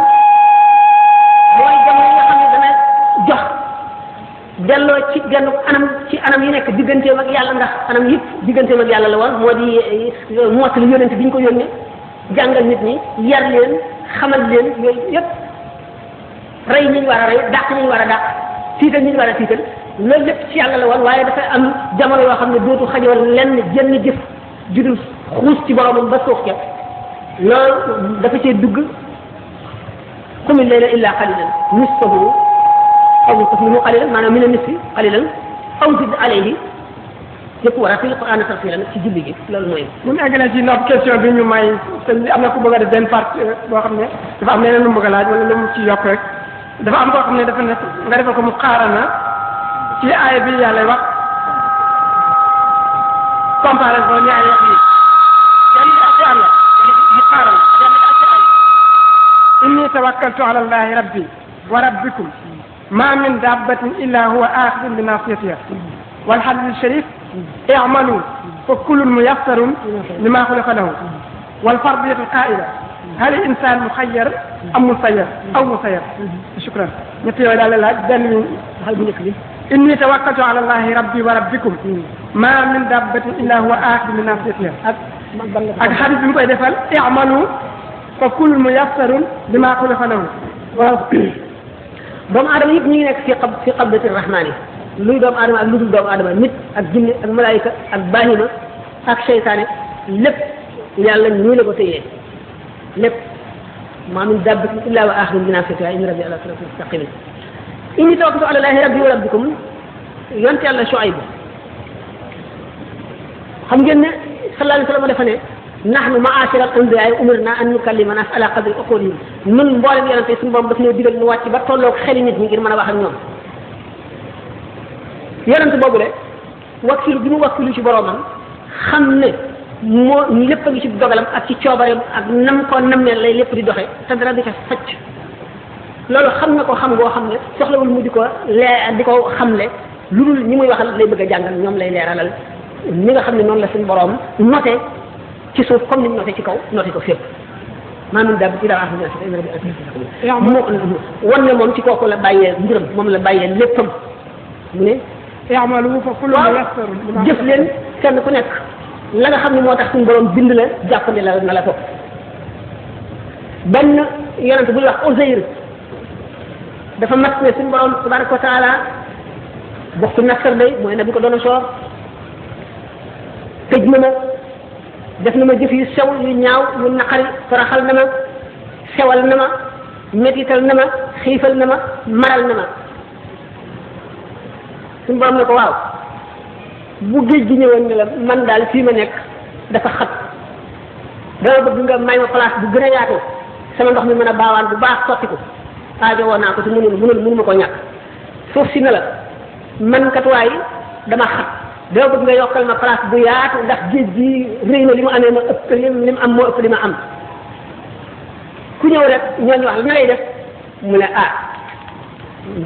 delloo ci genn anam ci anam yi nekk digganteem ak yàlla ndax anam yëpp digganteem ak yàlla la woon moo di mottali yonent bi ñu ko yónnee jàngal nit ñi yar leen xamal leen yooyu yëpp rey ñi ñu war a rey dàq ñi ñu war a dàq tiital ñi ñu war a tiital loolu lépp ci yàlla la woon waaye dafa am jamono yoo xam ne dootu xajoo lenn jenn jëf judul xuus ci boromam ba suuf ca loolu dafa cee dugg xumil leena illa xalilan nisfahu أو تخمينه قليلا معنى من النصف قليلا أو زد عليه يكو ورا في القرآن تفصيلا في جلدي لا مهم من أجل هذه نوب كيسيون بي ميو ماي أنا كو بغا دين بارت اه، بو خامني دا فام نينا نوم بغا لاج ولا نوم سي يوك رك دا فام كو خامني دا فا نيت نغا ديفال كو مقارنة في آية بي يالا واخ كومباريز بو نياي واخ ني يعني القرآن مقارنة يعني القرآن إني توكلت على الله ربي وربكم ما من دابة إلا هو آخذ بناصيتها والحديث الشريف اعملوا فكل ميسر لما خلق له والفرضية القائلة هل الإنسان مخير أم مسير أو مسير شكرا نتيجة إلى الله إني توكلت على الله ربي وربكم ما من دابة إلا هو آخذ بناصيتها الحديث xarit bi اعملوا فكل ميسر لما خلق له doomu aadama yëpp ñu ngi nekk fi xab fi xablati rahmaani luy doomu aadama ak lu dul doomu aadama nit ak jinne ak malaayika ak baahima ak seytaane lépp yàlla ñu la ko téyee lépp ma min dabbatin illa wa axirun binaasiyatiha in rabbi ala sirati mustaqim inni tawakkaltu ala allahi rabbi wa rabbikum yonte yàlla Shuayb xam ngeen ne sallallahu alayhi wa sallam dafa ne نحن معاشر الانبياء امرنا ان نكلم الناس على قدر عقولهم من مبارك يا نتي سمبام داف ليه ديغال ني واتي با تولوك خالي نيت ني غير مانا واخ نيوم يرانت بوبو لي وكيل بيمو وكيل سي بروغام خامني مو ليپ لي سي دوغالام اك سي تيوباريم اك نام كو نامي لاي ليپ دي دوخي تا دا دي فاتش لولو خامنا كو خام غو خامني سوخلا وول مودي كو لا ديكو خاملي لولو ني موي واخال لاي بيغا جانغال نيوم لاي ليرالال ميغا خامني نون لا سن بروم نوتي ci suuf comme niñ noté ci kaw noté ko fépp maanaam daal ila raxu na ci ila raxu mo won ne mom ci koku la baye mbiram mom la baye leppam mu ne ya'malu fa kullu yassar jëf leen kenn ku nekk la nga xam ne moo tax suñu borom bind la jàppandi la na la ko benn yonent bu wax Ozeir dafa mat ne suñu borom tabaraka wa taala waxtu nassar day mooy na bi ko doon soor tëj na ma def na ma jëf yu sew yu ñaaw yu naqari faraxal na ma sewal na ma metital na ma xiifal na ma maral na ma suñ borom ne ko waaw bu géej gi ñëwoon ne la man daal fii ma nekk dafa xat dama bëgg nga may ma place bu gën a yaatu sama ndox mi mën a baawaan bu baax sotti ko aajo woon naa ko te mënul mënul mënuma ko ñàkk suuf si ne la man katuwaay dama xat doo bëgg nga yokkal ma place bu yaatu ndax géej gi rëy na li mu amee ma ëpp lim li mu am moo ëpp li ma am ku ñëw rek ñooñu wax la lay def mu ne ah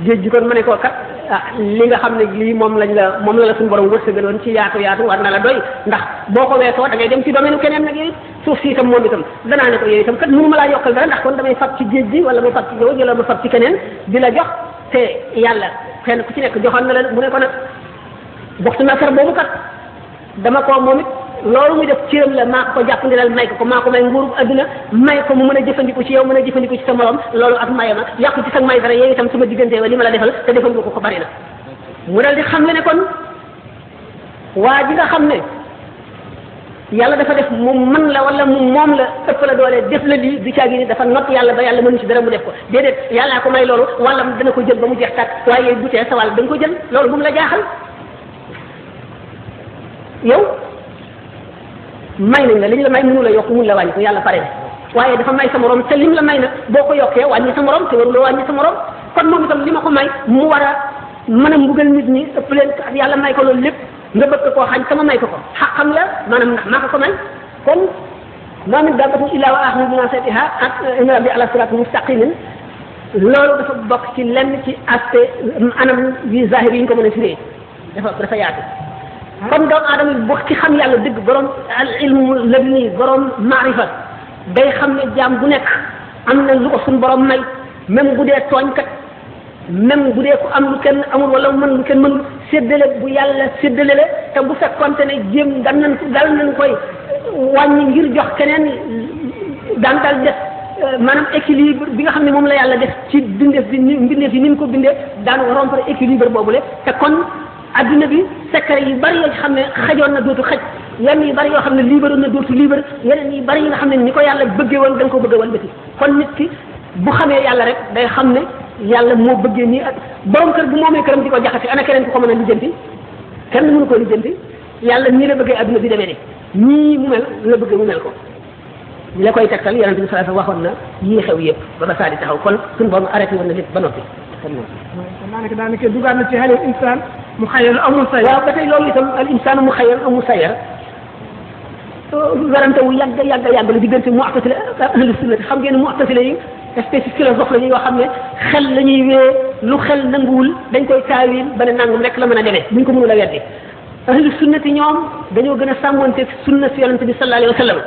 géej ma ne ko kat ah li xam ne lii moom lañ la moom la la suñu borom wërsëgaloon ci yaatu yaatu war na la doy ndax boo ko weesoo da ngay dem ci domaine keneen nag yooyu suuf si itam moom itam danaa ne ko yooyu itam kat mënu ma laa yokkal dara ndax kon damay fab ci géej gi wala ma fab ci yow wala ma fab ci keneen di la jox te yàlla kenn ku ci nekk joxoon na la mu ne ko waxtu nasar boobu kat dama ko moom it loolu muy def cëram la maa ko jàpp ndilal may ko maa ko may nguurub adduna may ko mu mën a jëfandiku ci yow mën a jëfandikoo ci sa morom loolu ak mayama yàqu ci sa may dara yow itam sama diggante wa li ma la defal te defal nga ko ko na mu dal xam le ne kon waa ji nga xam ne yàlla dafa def mu mën la wala mu moom la ëpp la doole def la lii du caagi ni dafa ba yàlla mënu ci dara mu def ko déedéet yàllaa ko may loolu wàllam dana ko jël ba mu jeex tàkk waaye bu tee sa wàll da ko jël loolu bu la jaaxal yow may nañ la li ñu la may mënu la yokk mun la wàññi ko yàlla pare waaye dafa may sa morom te lim la may nag boo ko yokkee wàññi sa morom te waruloo wàññi sa morom kon moom itam li ma ko may mu war a mën a mbugal nit ñi ëpp leen yàlla may ko loolu lépp nga bëgg koo xañ sama may ko ko xaqam la maanaam ndax maa ko ko may kon ma min dabbatin illa wa ahmu bi nasatiha ak inna bi ala sirat mustaqimin loolu dafa bokk ci lenn ci aspect anam yi zahir yi ñu ko mën a firee dafa dafa yaatu kon doomu aadama bu ci xam yàlla dëgg borom al ilmu labni borom maarifa day xam ne jaam bu nekk am na lu ko suñu borom may même bu dee tooñkat même bu dee ku am lu kenn amul wala mën lu kenn mënul séddale bu yàlla séddale la te bu fekkonte ne jéem dal nañ ko dal nañ koy wàññi ngir jox keneen daan dal def euh, maanaam équilibre bi nga xam ne moom la yàlla def ci bindeef bi ni mbindeef yi ni mu ko bindee daan rompre équilibre boobule te kon aduna bi secret yu bari yoo xamne ne xajoon na dootu xaj yenn yu bari yoo xamne ne na dootu liber yenen yu bari yi nga xamne niko yàlla bëggee won dang ko bëgg won walbati kon nit ki bu xamee yàlla rek day xamne yàlla mo bëggee ni ak borom kër bu momé këram diko jaxati ana keneen ku ko mën a lijjanti kenn mënu ko lijjanti yàlla ni la bëggee aduna bi demé ne ni mu mel la bëggee mu mel ko li la koy tegtal yonente bi sallallahu waxon na yi xew yëpp ba ba saa taxaw kon sun borom arrêté won na lépp ba noppi. daanaka daanaka dugaat na ci xale insaan مخير او مسير واه باتاي لولي تام الانسان مخير او مسير ورانتا و يغ يغ يغ لو ديغنت مؤقت اهل السنه خم ген مؤقت لي اسبيس فيلوسوف لا نيو خامني خل لا نيو وي لو خل نانغول دنجكاي تاويل بان نانغ ريك لا مانا ديمي نينكو مولا ويدي اهل السنه نيوم دانيو غنا سامونتي سنه يونس بي صلى الله عليه وسلم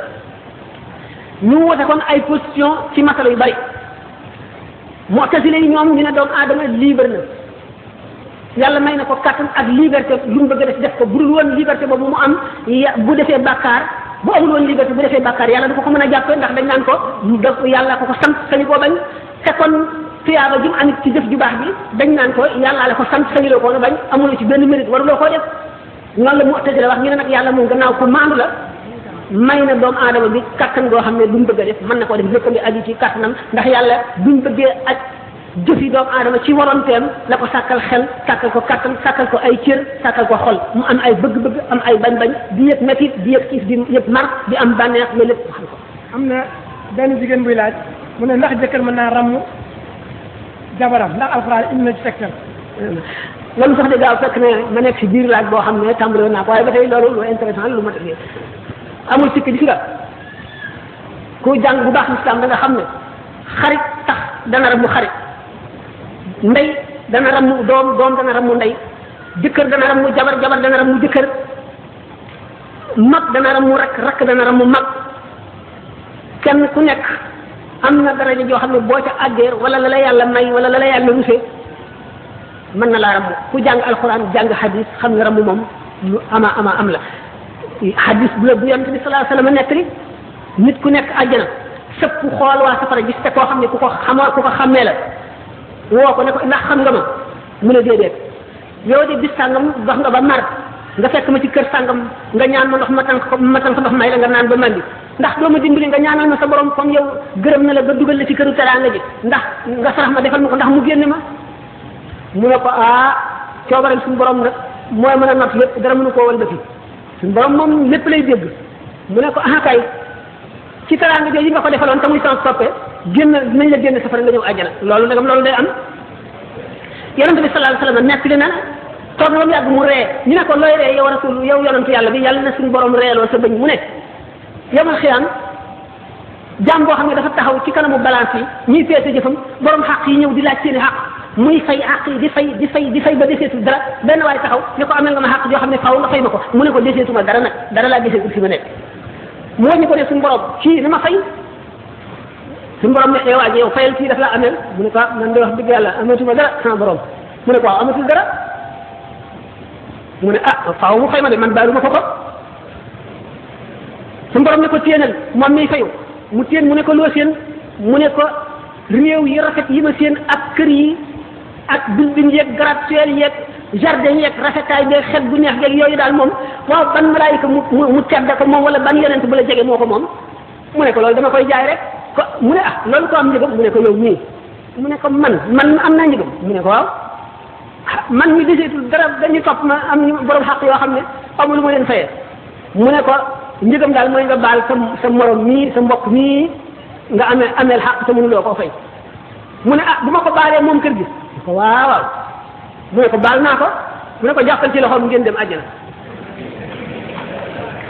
نيو واتا كون اي بوزيشن سي ماتالو يبري مؤقت لي نيوم ني نا ادمه ليبرنا yàlla may na ko kàttan ak liberté lu mu bëgg a def def ko bu dul woon liberté boobu mu am bu defee bàkkaar bu amul woon liberté bu defee bàkkaar yàlla du ko ko mën a jàppe ndax dañ naan ko da yàlla ko ko sant sañu koo bañ te kon tuyaaba ji mu amit ci def ju baax bi dañ naan ko yàlla la ko sant sañu la ko woon bañ amuloo ci benn mérite waruloo koo def noonu la mu tëjee wax ñu ne nag yàlla moom gannaaw ko maandu la may na doomu aadama bi kàttan goo xam ne lu mu bëgg a def na koo def lépp a ngi aju ci kàttanam ndax yàlla jëfi doomu aadama ci waronteem la ko sàkkal xel sàkkal ko kàttan sàkkal ko ay cër sàkkal ko xol mu am ay bëgg-bëgg am ay bañ-bañ di yëg métit di yëg kiis di yëg mar di am bànneex loolu lépp am na benn jigéen buy laaj mu ne ndax jëkkër ma naa ramm jabaram ndax alxuraan indi na ci tegtal loolu sax de gaaw fekk ne ma nekk ci biir laaj boo xam ne tàmbale naa ko waaye ba tey loolu lu intéressant lu ma def amul sikk gis nga ku jàng bu baax lislaam da nga xam ne xarit tax ndey dana rammu doom doom dana rammu ndey jëkkër dana rammu jabar jabar dana mu jëkkër mag dana rammu rakk rakk dana rammu mag kenn ku nekk am na daraja joo xam ne boo ca àggee wala la la yàlla may wala la la yàlla rusee mën na laa rammu ku jàng alxuraan jàng hadis xam nga rammu moom lu ama am la hadis bu la bu yonent bi sallallahu alayhi wasallam nettali nit ku nekk àjjana sëpp xool waa safara gis te koo xam ne ku ko xam ku ko xammee la woo ko ne ko ndax xam nga ma mu ne déedéet yow de bis sàngam dox nga ba mar nga fekk ma ci kër sàngam nga ñaan ma ndox ma tànk ko ma ko ndox may la nga naan ba mandi ndax doo ma dimbali nga ñaanal ma sa borom comme yow gërëm na la ba dugal la ci këru teraanga ji ndax nga sarax ma defal ma ko ndax mu génn ma mu ne ko ah coobaral suñu borom nag mooy mën a not lépp dara mënu koo wëlbati suñu borom moom lépp lay dégg mu ne ko ah ci teraanga jooju nga ko defaloon te muy sans soppe génn nañ la génn safara nga ñëw àjjana loolu nagam loolu day am yonente bi sallallahu alayhi wasallam nekk li na toog na mu yàgg mu ree ñu ne ko looy ree yow rasul yow yonentu yàlla bi yàlla na suñu borom reeloo sa bañ mu ne yow xiyaan jàm boo xam ne dafa taxaw ci kanamu balance yi ñuy peese jëfam borom xaq yi ñëw di laaj seeni xaq muy fay xaq yi di fay di fay di fay ba deseetul dara benn waay taxaw ne ko amel nga ma xaq joo xam ne faaw nga fay ma ko mu ne ko deseetuma dara nag dara laa deseetul fi ma nekk moo ñu ko ne suñu borom kii ni ma fay suñu borom ne eh, waa ji yow fayal kii daf la amel mu ne ko ah, man de wax dëgg yàlla amatuma dara sama mu ne ko waaw amatul dara mu ne ah faaw mu fay ma de man baaluma ko ko suñu ne ko téenal moom miy fayu mu téen mu ne ko loo seen mu ne ko réew yi rafet yi ma seen ak kër yi ak building yeeg gratte-ciel jardin yeeg rafetaay beeg xet bu neex beeg yooyu daal moom waaw ban malaayika mu mu tedd ko moom wala ban yonent bu la jege moo ko moom mu ne ko loolu dama koy jaay rek ko mu ne ah loolu ko am njëgam mu ne ko yow mii mu ne ko man man am naa njëgam mu ne ko waaw man mi deseetul dara dañu topp ma am ñu borom xaq yoo xam ne amul lu ma leen fayee mu ne ko njëgam daal mooy nga baal sa sa morom mii sa mbokk mii nga amee ameel xaq te mënuloo koo fay mu ne ah bu ma ko baalee moom kër gi ko waaw waaw mu ne ko baal naa ko mu ne ko jàppal ci loxoom ngeen dem àjjana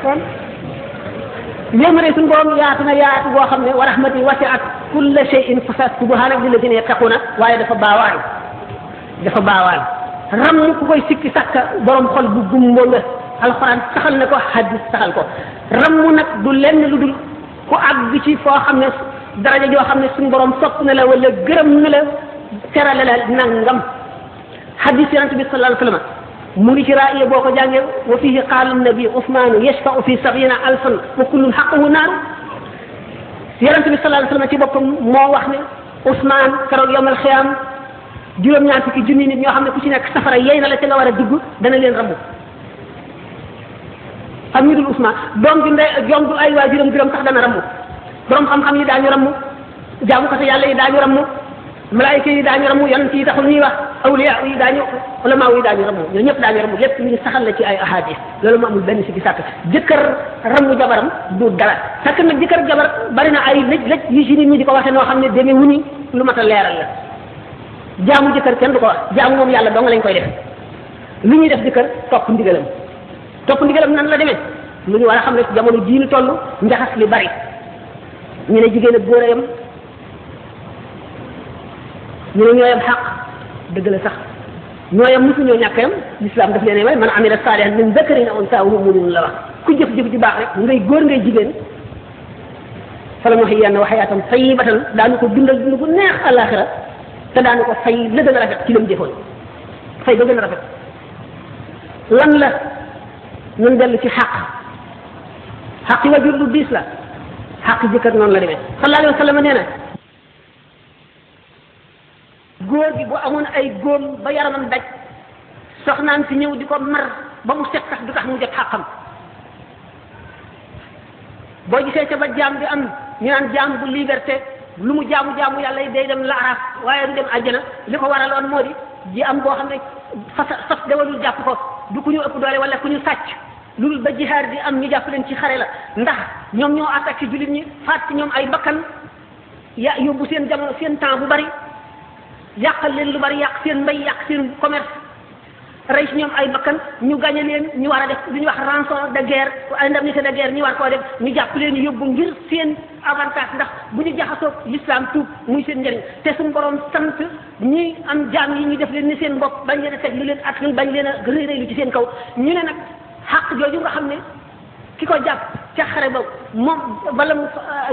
kon yëmëre suñ borom yaatu na yaatu boo xam ne wa rahmati wasiat kulla shay'in fasas subhanak lilladina yattaquna waaye dafa baawaan dafa baawaan ram ku koy sikki sakka borom xol bu gumbo nga alquran saxal na ko hadis saxal ko ram nag du lenn lu dul ku àgg ci foo xam ne daraja joo xam ne suñ borom sopp na la wala gërëm na la terale la nangam حديث النبي صلى الله عليه وسلم من رأي بوكو جانجي وفيه قال النبي عثمان يشفع في سبعين ألفا وكل حقه نار النبي صلى الله عليه وسلم تبقى مو وحني عثمان كرو يوم الخيام جيوم نعطيك جنين نيو يوحمد كسينا كسفر يين على تلا وارد دقو دانا لين ربو أمير عثمان دوم جندي جوم دو أي أيوة، واجرم جرم تخدم رمو دوم خم خم يدعني رمو جامو كسي يالي يدعني رمو malaayika yi daañu ramu yonent yi taxul ñuy wax awliya yi daañu ulama yi daañu ramu ñoo ñëpp daañu ramu lépp ñu ngi saxal la ci ay ahadis loolu mu amul benn si ki sàkk jëkkër ramu jabaram du dara sàkk nag jëkkër jabar bari na ay lëj lëj yu si nit ñi di ko waxee noo xam ne demee wuni lu mat a leeral la jaamu jëkkër kenn du ko wax jaamu moom yàlla dong lañ koy def lu ñuy def jëkkër topp ndigalam topp ndigalam nan la demee lu ñu war a xam ne jamono jii ñu toll njaxas li bari ñu ne jigéen ak góor a yam ñu ne ñoo yem xaq dëgg la sax ñoo yem mosu ñoo ñàkk yem l'islam daf leen may man amila saalihan min zakarin aw unsa wa huwa mu'minun la wax ku jëf jëf ju baax rek ngay góor ngay jigéen fala mu xiyan wa hayatan tayyibatan daanu ko dundal dund bu neex alakhirah te daanu ko fay la gën a rafet ci lam jëfoon fay ba gën a rafet lan la ñun dellu ci xaq xaq yi wajur lu diis la xaq jëkkër noonu la demee sallallahu alayhi wa sallam nee na góor gi bu amoon ay góom ba yaramam daj soxnaan si ñëw di ko mar ba mu set sax du tax mu jot xàqam boo gisee ca ba jaam bi am ñu naan jaam bu liberté lu mu jaamu jaamu yàlla yi day dem laaraaf waaye du dem àjjana li ko waraloon moo di ji am boo xam ne fas fas dawalul jàpp ko du ku ñu ëpp doole wala ku ñu sàcc loolu ba jihaar di am ñu jàpp leen ci xare la ndax ñoom ñoo attaqué jullit ñi faat ci ñoom ay bakkan ya yóbbu seen jamono seen temps bu bari yàqal leen lu bari yàq seen mbay yàq seen commerce rey ñoom ay bakkan ñu gañe leen ñu war a def lu ñu wax rançon de guerre indemnité de guerre ñu war koo def ñu jàpp leen yóbbu ngir seen avantage ndax bu ñu jaxasoo l'islam tuub muy seen njëriñ te suñu borom sant ñi am jaam yi ñu def leen ni seen mbokk bañ leen a teg lu leen at bañ leen a réeréelu ci seen kaw ñu ne nag xàq jooju nga xam ne ki ko jàpp ca xare ba moom wala mu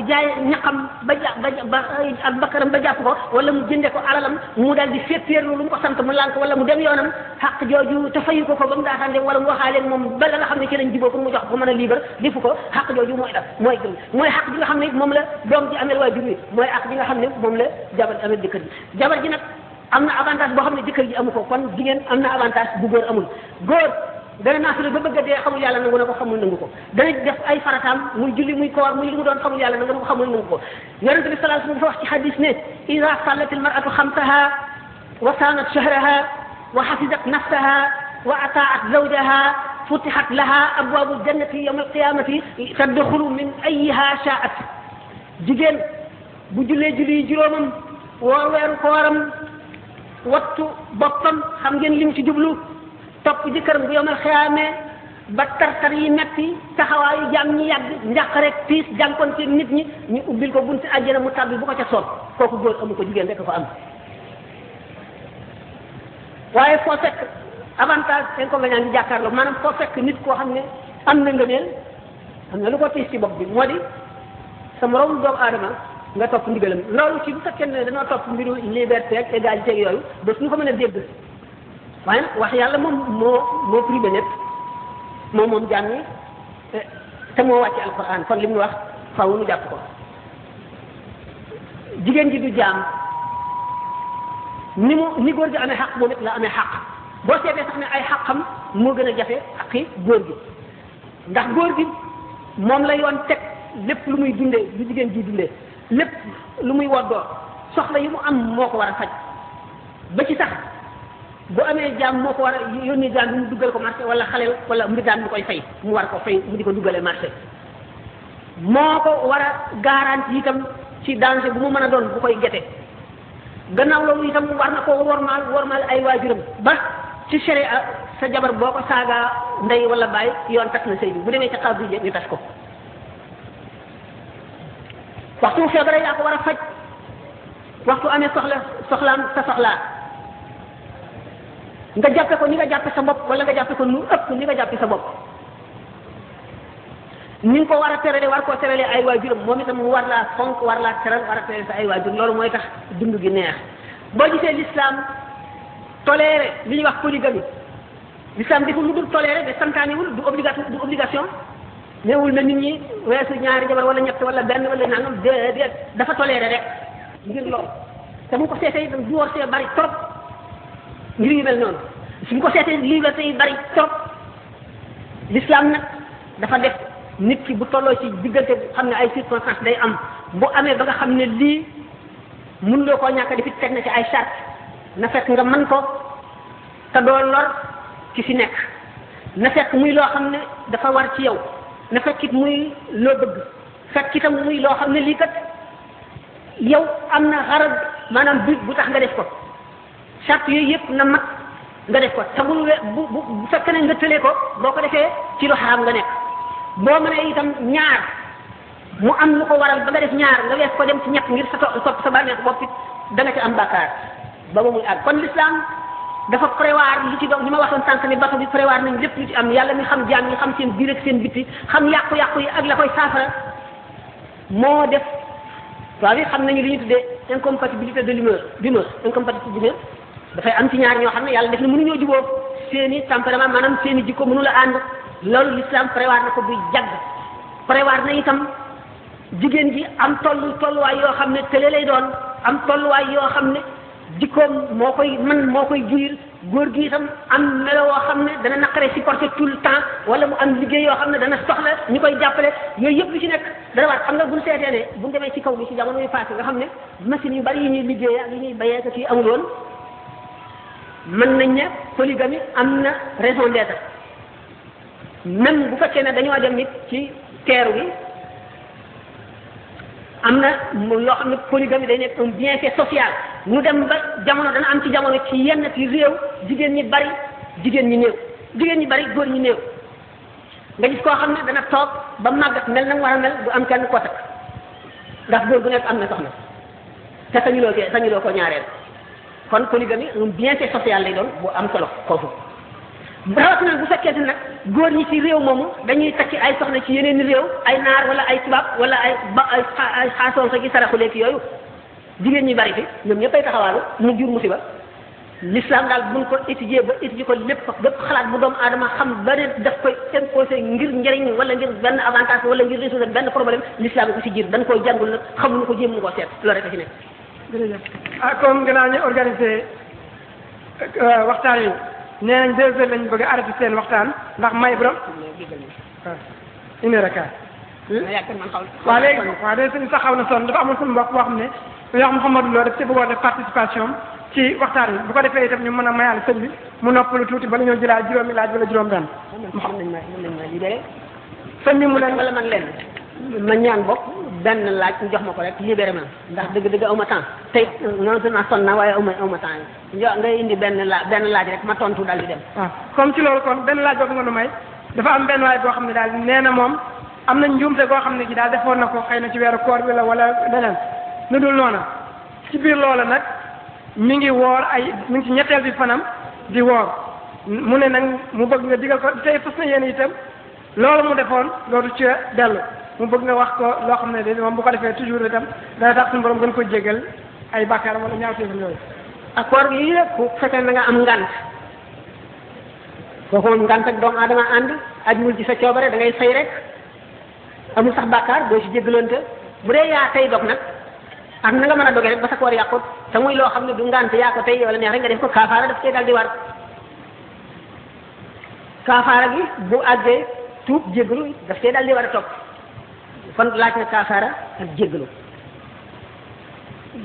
jaay ñaqam ba ja ba ak bakkaram ba jàpp ko wala mu jënde ko alalam mu dal di féppéerlu lu mu ko sant mu lànk wala mu dem yoonam xaq jooju te fayu ko ko ba mu daatante wala mu waxaale moom ba la nga xam ne ci lañ jiboo pour mu jox ko mën a liibar defu ko xaq jooju mooy daf mooy gëm mooy xaq ji nga xam ne moom la doom ji amel waay jur wi mooy xaq ji nga xam ne moom la jabar amel jëkkër ji jabar ji nag am na avantage boo xam ne jëkkër ji amu ko kon jigéen am na avantage bu góor amul góor dana naafila ba bëgg dee xamul yàlla nangu na ko xamul nangu ko dana def ay farataam muy julli muy koor muy li mu doon xamul yàlla nangu na ko xamul nangu ko yonente bi salaa dafa wax ci xadis ne ida sallat almaratu xamsaha wa saanat shahraha wa xafizat nafsaha wa ataat zawjaha فتحت لها أبواب الجنة يوم القيامة تدخل من أيها شاءت جيجين بجلي جلي جرومم ووير كورم واتو بطم خمجين لم تجبلو topp jëkkëram bu yomal xiyamé ba tar yi metti taxawaayu jam ñi yàgg rek tiis jankon ci nit ñi ñu ubbil ko bunti àjjana mu tabbi bu ko ca soob koku góor amu ko jigéen rek ko am waaye fo fek avantage en ko nga ñaan di jàkkaarloo maanaam foo nit ko xam am na ngëneel am na lu ko tiis ci bopp bi modi sa morom do adama nga top ndigalam lolu ci bu fekkene dana top mbiru liberté ak égalité yoyu bu suñu ko mëna dégg waaye wax yàlla moom moo moo privé lépp moom moom jaam ñi te moo wàcce alquran kon li muy wax faw mu jàpp ko jigéen ji du jaam ni mu ni góor gi amee xaq moom it la amee xaq boo seetee tax ne ay xaqam moo gën a jafe xaqi góor gi ndax góor gi moom la yoon teg lépp lu muy dundee lu jigéen ji dundee lépp lu muy woddoo soxla yi mu am moo ko war a faj ba ci sax bu amee jaam moo ko war a yónnee jaam bi mu duggal ko marché wala xale wala mbindaan mu koy fay mu war ko fay mu di ko duggalee marché moo ko war a garanti itam ci danger bu mu mën a doon bu koy gete gannaaw loolu itam war na koo wormaal wormaal ay waajuram ba ci sharia sa jabar boo ko saaga ndey wala bàyyi yoon tas na sëy bi bu demee ca xaw bi ñu tas ko waxtu feebare yaa ko war a faj waxtu amee soxla soxlaam sa soxlaa nga jàppe ko ni nga jàppe sa bopp wala nga jàppe ko nu ëpp ni nga jàppe sa bopp ni nga ko war a terale war koo terale ay waajuram moom itam mu war laa fonk war laa teral war a terale sa ay waajur loolu mooy tax dund gi neex boo gisee l'islam toléré li ñuy wax polygamie l'islam deful lu dul toléré mais santaaniwul du obligatoire du obligation néewul na nit ñi weesu ñaari jabar wala ñett wala benn wala nangam déedéet dafa toléré rek ngir loolu te mu ngir yu mel noonu suñ ko seetee liberté yi bari trop l'islam nag dafa def nit ki bu tolloo ci diggante xam ne ay circonstance day am bu amee ba nga xam ne lii mun loo koo ñàkk defi teg na ci ay charte na fekk nga man ko te doo lor ki fi nekk na fekk muy loo xam ne dafa war ci yow na ki muy loo bëgg fekk tam muy loo xam ne lii kat yow am na xarab maanaam but bu tax nga def ko charte yooyu yëpp na mat nga def ko te bu bu bu fekkee nañ nga tëlee ko boo ko defee ci lu xaram nga nekk boo a itam ñaar mu am lu ko waral ba nga def ñaar nga wees ko dem ci ñett ngir sa topp sa bànneex bopp it da ci am bàkkaar ba ba muy àgg kon l'islam dafa prévoir lu ci doon li ma waxoon sànq ne bato bi prévoir nañ lépp lu ci am yàlla mi xam jaam yi xam seen biir ak seen bitti xam yàqu-yàqu yi ak la koy saafara moo def waaw yi xam nañu li ñu tuddee incompatibilité de l'humeur d'humeur incompatibilité dafay am ci ñaar ñoo xam ne yàlla def na mënuñoo jubóo seeni tempérament maanaam seeni jikko mënu la ànd loolu l'islam prévoir na ko buy jagg prévoir na tam jigéen ji am tollu tolluwaay yoo xam ne tële lay doon am tolluwaay yoo xam ne jikkoom moo koy man moo koy giir góor gi itam am melo woo xam ne dana naqare supporter tout le temps wala mu am liggéey yoo xam ne dana soxla ñu koy jàppale yooyu yëpp lu ci nekk dana waat xam nga buñ seetee ne bu demee ci kaw gi ci jamono yu passé xam ne machines yu bari yi ñuy liggéeyee ak ñuy bayee ak yi amul woon mën nañ ne polygamie am na raison d'être même bu fekkee ne dañoo dem nit ci teeru gi am na loo xam ne polygamie day nekk un bien fait social mu dem ba jamono dana am ci jamono ci yenn ci réew jigéen ñi bari jigéen ñi néew jigéen ñi bari góor ñi néew nga gis koo xam ne dana toog ba màggat mel na mu war a mel bu am kenn ko takk ndax góor gu nekk am na soxna te sañuloo kee sañuloo ko ñaareel kon polygamie un bienfait social lay doon bu am solo foofu rawatina bu fekkee si nag góor ñi ci réew moomu dañuy takki ay soxna ci yeneen réew ay naar wala ay tubaab wala ay ba ay xaasoon sa ci saraxu lekk yooyu jigéen ñi bari bi ñoom ñëppay taxawaalu mu jur musiba l'islam daal buñ ko étudier ba étudier ko lépp bépp xalaat bu doomu aadama xam ba ne daf koy imposé ngir njëriñ wala ngir benn avantage wala ngir résoudre benn problème l'islam ko ci jiir dañ koy jàngul nag xamuñu ko jéem ñu ko seet loolu rek a ci nekk jërëjëf ah comme gannaaw ñu organisé euh, waxtaan yi nee nañ deux heures lañ bëgg a seen waxtaan ndax may borom waaw ah, une heure ak hmm? waaw léegi waaw léegi suñu sax xaw na sonn dafa amoon suñu mbokk boo xam ne yoo xam Mouhamadou Lo daf ci bëggoon def participation ci waxtaan bi bu ko defee itam ñu mën a mayaal sëñ bi mu noppalu tuuti bala ñoo jëlaat juróomi laaj wala juróom benn sëñ bi mu leen wala man leen ma ñaan bokk benn laaj ñu jox ma ko rek libéré ma ndax dëgg-dëgg aw ma temps tey euh, non seulement sonn naa waaye aw ma aw ma temps indi benn laaj benn laaj rek ma tontu daal di dem. waaw comme ci loolu kon benn laaj boobu nga nu may dafa am benn waay boo xam ne daal nee na moom am na njuumte goo xam ne gi daal defoon na ko xëy na ci weeru koor bi la wala leneen nu dul noona ci biir loola nag mu ngi woor ay mi ngi ci ñetteel bi fanam di woor mu ne nag mu bëgg nga digal ko tey fas na yéen itam loolu mu defoon dootu ci dellu. mu bëgg nga wax ko loo xam ne de moom bu ko defee toujours itam dana tax sun borom gën ko jégal ay bàkkaar wala ñaaw teefam yooyu ak koor gi yëpp bu fekkee na nga am ngant ko moom ngant ak doomu aadama ànd ajmul ci sa coobare da ngay fay rek amul sax bàkkaar doo ci jégalante bu dee yaa tey dog nag ak na nga mën a rek ba sa koor yàqut te muy loo xam ne du ngant yaa ko tey wala neex rek nga def ko kaafaara daf cee daal di war kaafaara gi bu àggee tuub jégalu daf cee di war a fan laaj na kaafaara ak jéggalu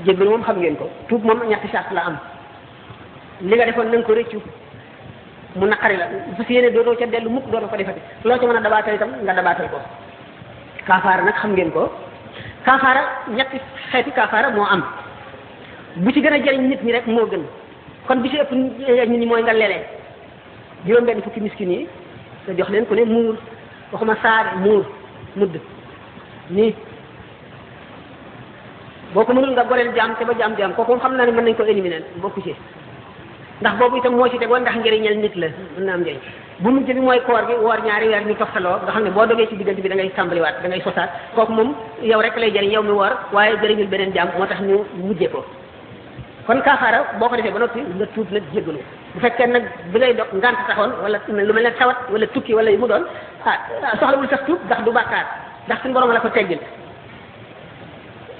jéggalu moom xam ngeen ko tuub moom ñetti sart la am li nga defoon na ko rëccu mu naqari la bu si yéene dootoo ca dellu mukk dootoo ko defati loo ci mën a dabaatal itam nga dabaatal ko kaafaara nag xam ngeen ko kaafaara ñetti xeeti kaafaara moo am bu ci gën a jëriñ nit ñi rek moo gën kon bu ci ëpp ñi ñi mooy nga lelee juróom benn fukki miskin yi nga jox leen ku ne muur waxuma saar muur mudd nii boo ko mënul nga goreel jaam te ba jaam jaam kooku xam naa ne mën nañ ko éliminer bokku ci ndax boobu itam moo ci tegoon ndax njëriñal nit la mën na am njëriñ bu mujj bi mooy koor gi woor ñaari weer ñu toftaloo nga xam ne boo dogee ci diggante bi da ngay tàmbaliwaat da ngay sosaat kooku moom yow rek lay jëriñ yow mi woor waaye jëriñul beneen jaam moo tax ñu mujjee ko kon kaafaara boo ko defee ba noppi nga tuub nag jéggalu bu fekkee nag bi ngay dog ngant taxoon wala lu mel ne tawat wala tukki wala yu mu doon ah soxlawul sax tuub ndax du bàkkaar ndax suñu borom la ko teggil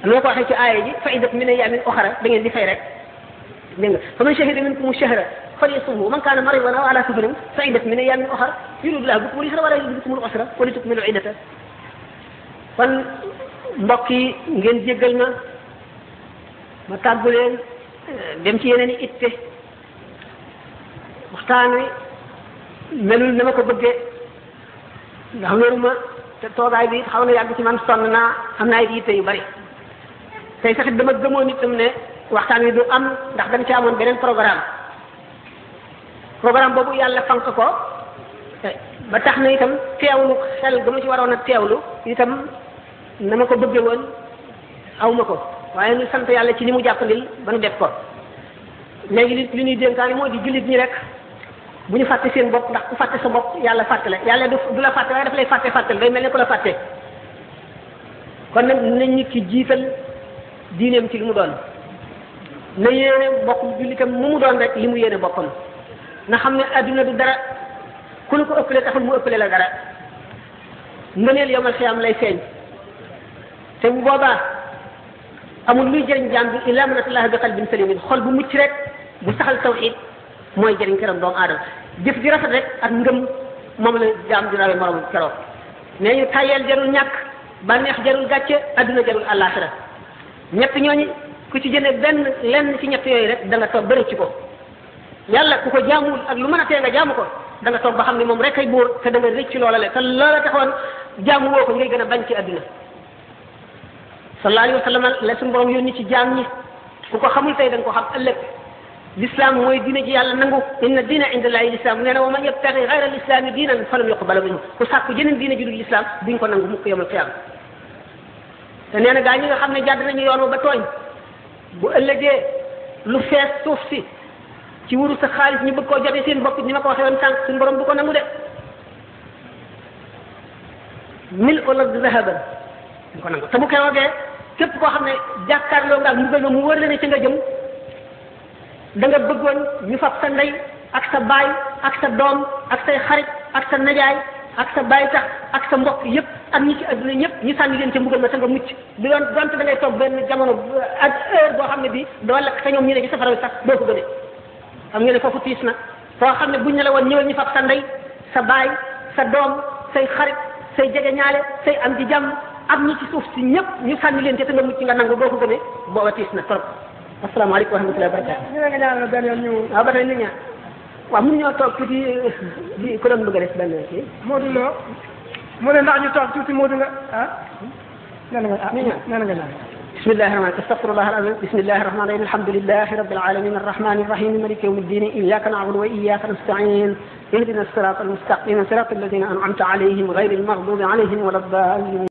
nu ko waxee ci aaya ji faidat min ayamin oxara da ngeen di fay rek dégg nga fa man shahida minkum shahra فليصومه ومن كان مريضا او على سفر فعدة من ايام اخر يريد الله بكم اليسر ولا يريد بكم العسر ولتكملوا عدته kon mbokk yi ngeen jéggal ma ma tàggu leen dem ci yeneen i itte waxtaan wi melul na ma ko bëggee ndax wéruma te toogaay bi xaw na yàgg ci man sonn naa am naa it yitte yu bëri tey sax dama gëmoo nit ne waxtaan wi du am ndax dañ ci amoon beneen programme programme boobu yàlla fank ko ba tax na itam teewlu xel ga ma ci waroon a teewlu itam na ma ko bëgge woon aw ma ko waaye ñu sant yàlla ci ni mu jàppandil ba nu def ko léegi li ñuy dénkaani mooy di jullit ñi rek bu ñu fàtte seen bopp ndax ku fàtte sa bopp yàlla fàtte la yàlla du du la fàtte waaye daf lay fàtte fàttal day mel ne ku la fàtte kon nag nañ nit ci jiital diineem ci li mu doon na yéene bokk jullitam mu mu doon rek li mu yéene boppam na xam ne àdduna du dara ku la ko ëppale taxul mu ëppale la dara ngëneel yomal xiyam lay feeñ te bu boobaa amul luy jëriñ jàmbi illa man bi qalbin salimin xol bu mucc rek bu saxal tawxid mooy jëriñ këram doomu aadama jëf gi rafet rek ak ngëm moom la jaam dina rawee moroom keroog nee ñu tàyyeel jarul ñàkk bànneex jarul gàcce adduna jarul àllaaxira ñett ñooñu ku ci jëlee benn lenn ci ñett yooyu rek da nga toog bëri ci ko yàlla ku ko jaamuwul ak lu mën a tee nga jaamu ko danga nga toog ba xam ne moom rek ay buur te da nga rëcc loola le te loola taxoon jaamu woo ko ngay gën a bañ ci adduna sallallahu alayhi wa sallam la suñu borom ci jaam ñi ku ko xamul tey da ko xam ëllëg الاسلام موي دين جي يالا نانغو ان الدين عند الله الاسلام نانا وما يبتغي غير الاسلام دينا فلم يقبل منه كو ساكو جينن دين جي الاسلام دين كو نانغو موك يوم القيامه تا نانا غا نيغا خامني جاد نانيو يونو با توي بو ألجي لو فيس توف سي تي وورو سا خالص ني بوكو جابي سين بوك نيما كو واخا وون تانك سون بروم بوكو نانغو دي ملء الارض ذهبا نكو نانغو تا بو كيوغي كيب كو خامني جاكارلو غا نوبل مو وور ني سي نجم da nga bëggoon ñu fab sa ndey ak sa baay ak sa doom ak say xarit ak sa najaay ak sa baay tax ak sa mbokk yëpp ak ñi ci adduna ñëpp ñu sànni leen ca mbugal ma sa nga mucc bi doon donte da ngay toog jamono ak heure boo xam ne bi doo lakk ñu ne ci safara xam nga ne foofu tiis na foo xam ne buñ ne la woon ñëwal ñu fab sa ndey sa baay sa doom say xarit say jege ñaale say am di jàmm ak ñi ci suuf si ñëpp ñu sànni leen ca te nga mucc nga nangu boo ko gënee booba tiis na trop السلام عليكم ورحمه الله وبركاته بسم الله الرحمن الرحيم الحمد لله رب العالمين الرحمن الرحيم ملك يوم الدين اياك نعبد واياك نستعين اهدنا الصراط المستقيم صراط الذين انعمت عليهم غير المغضوب عليهم ولا الضالين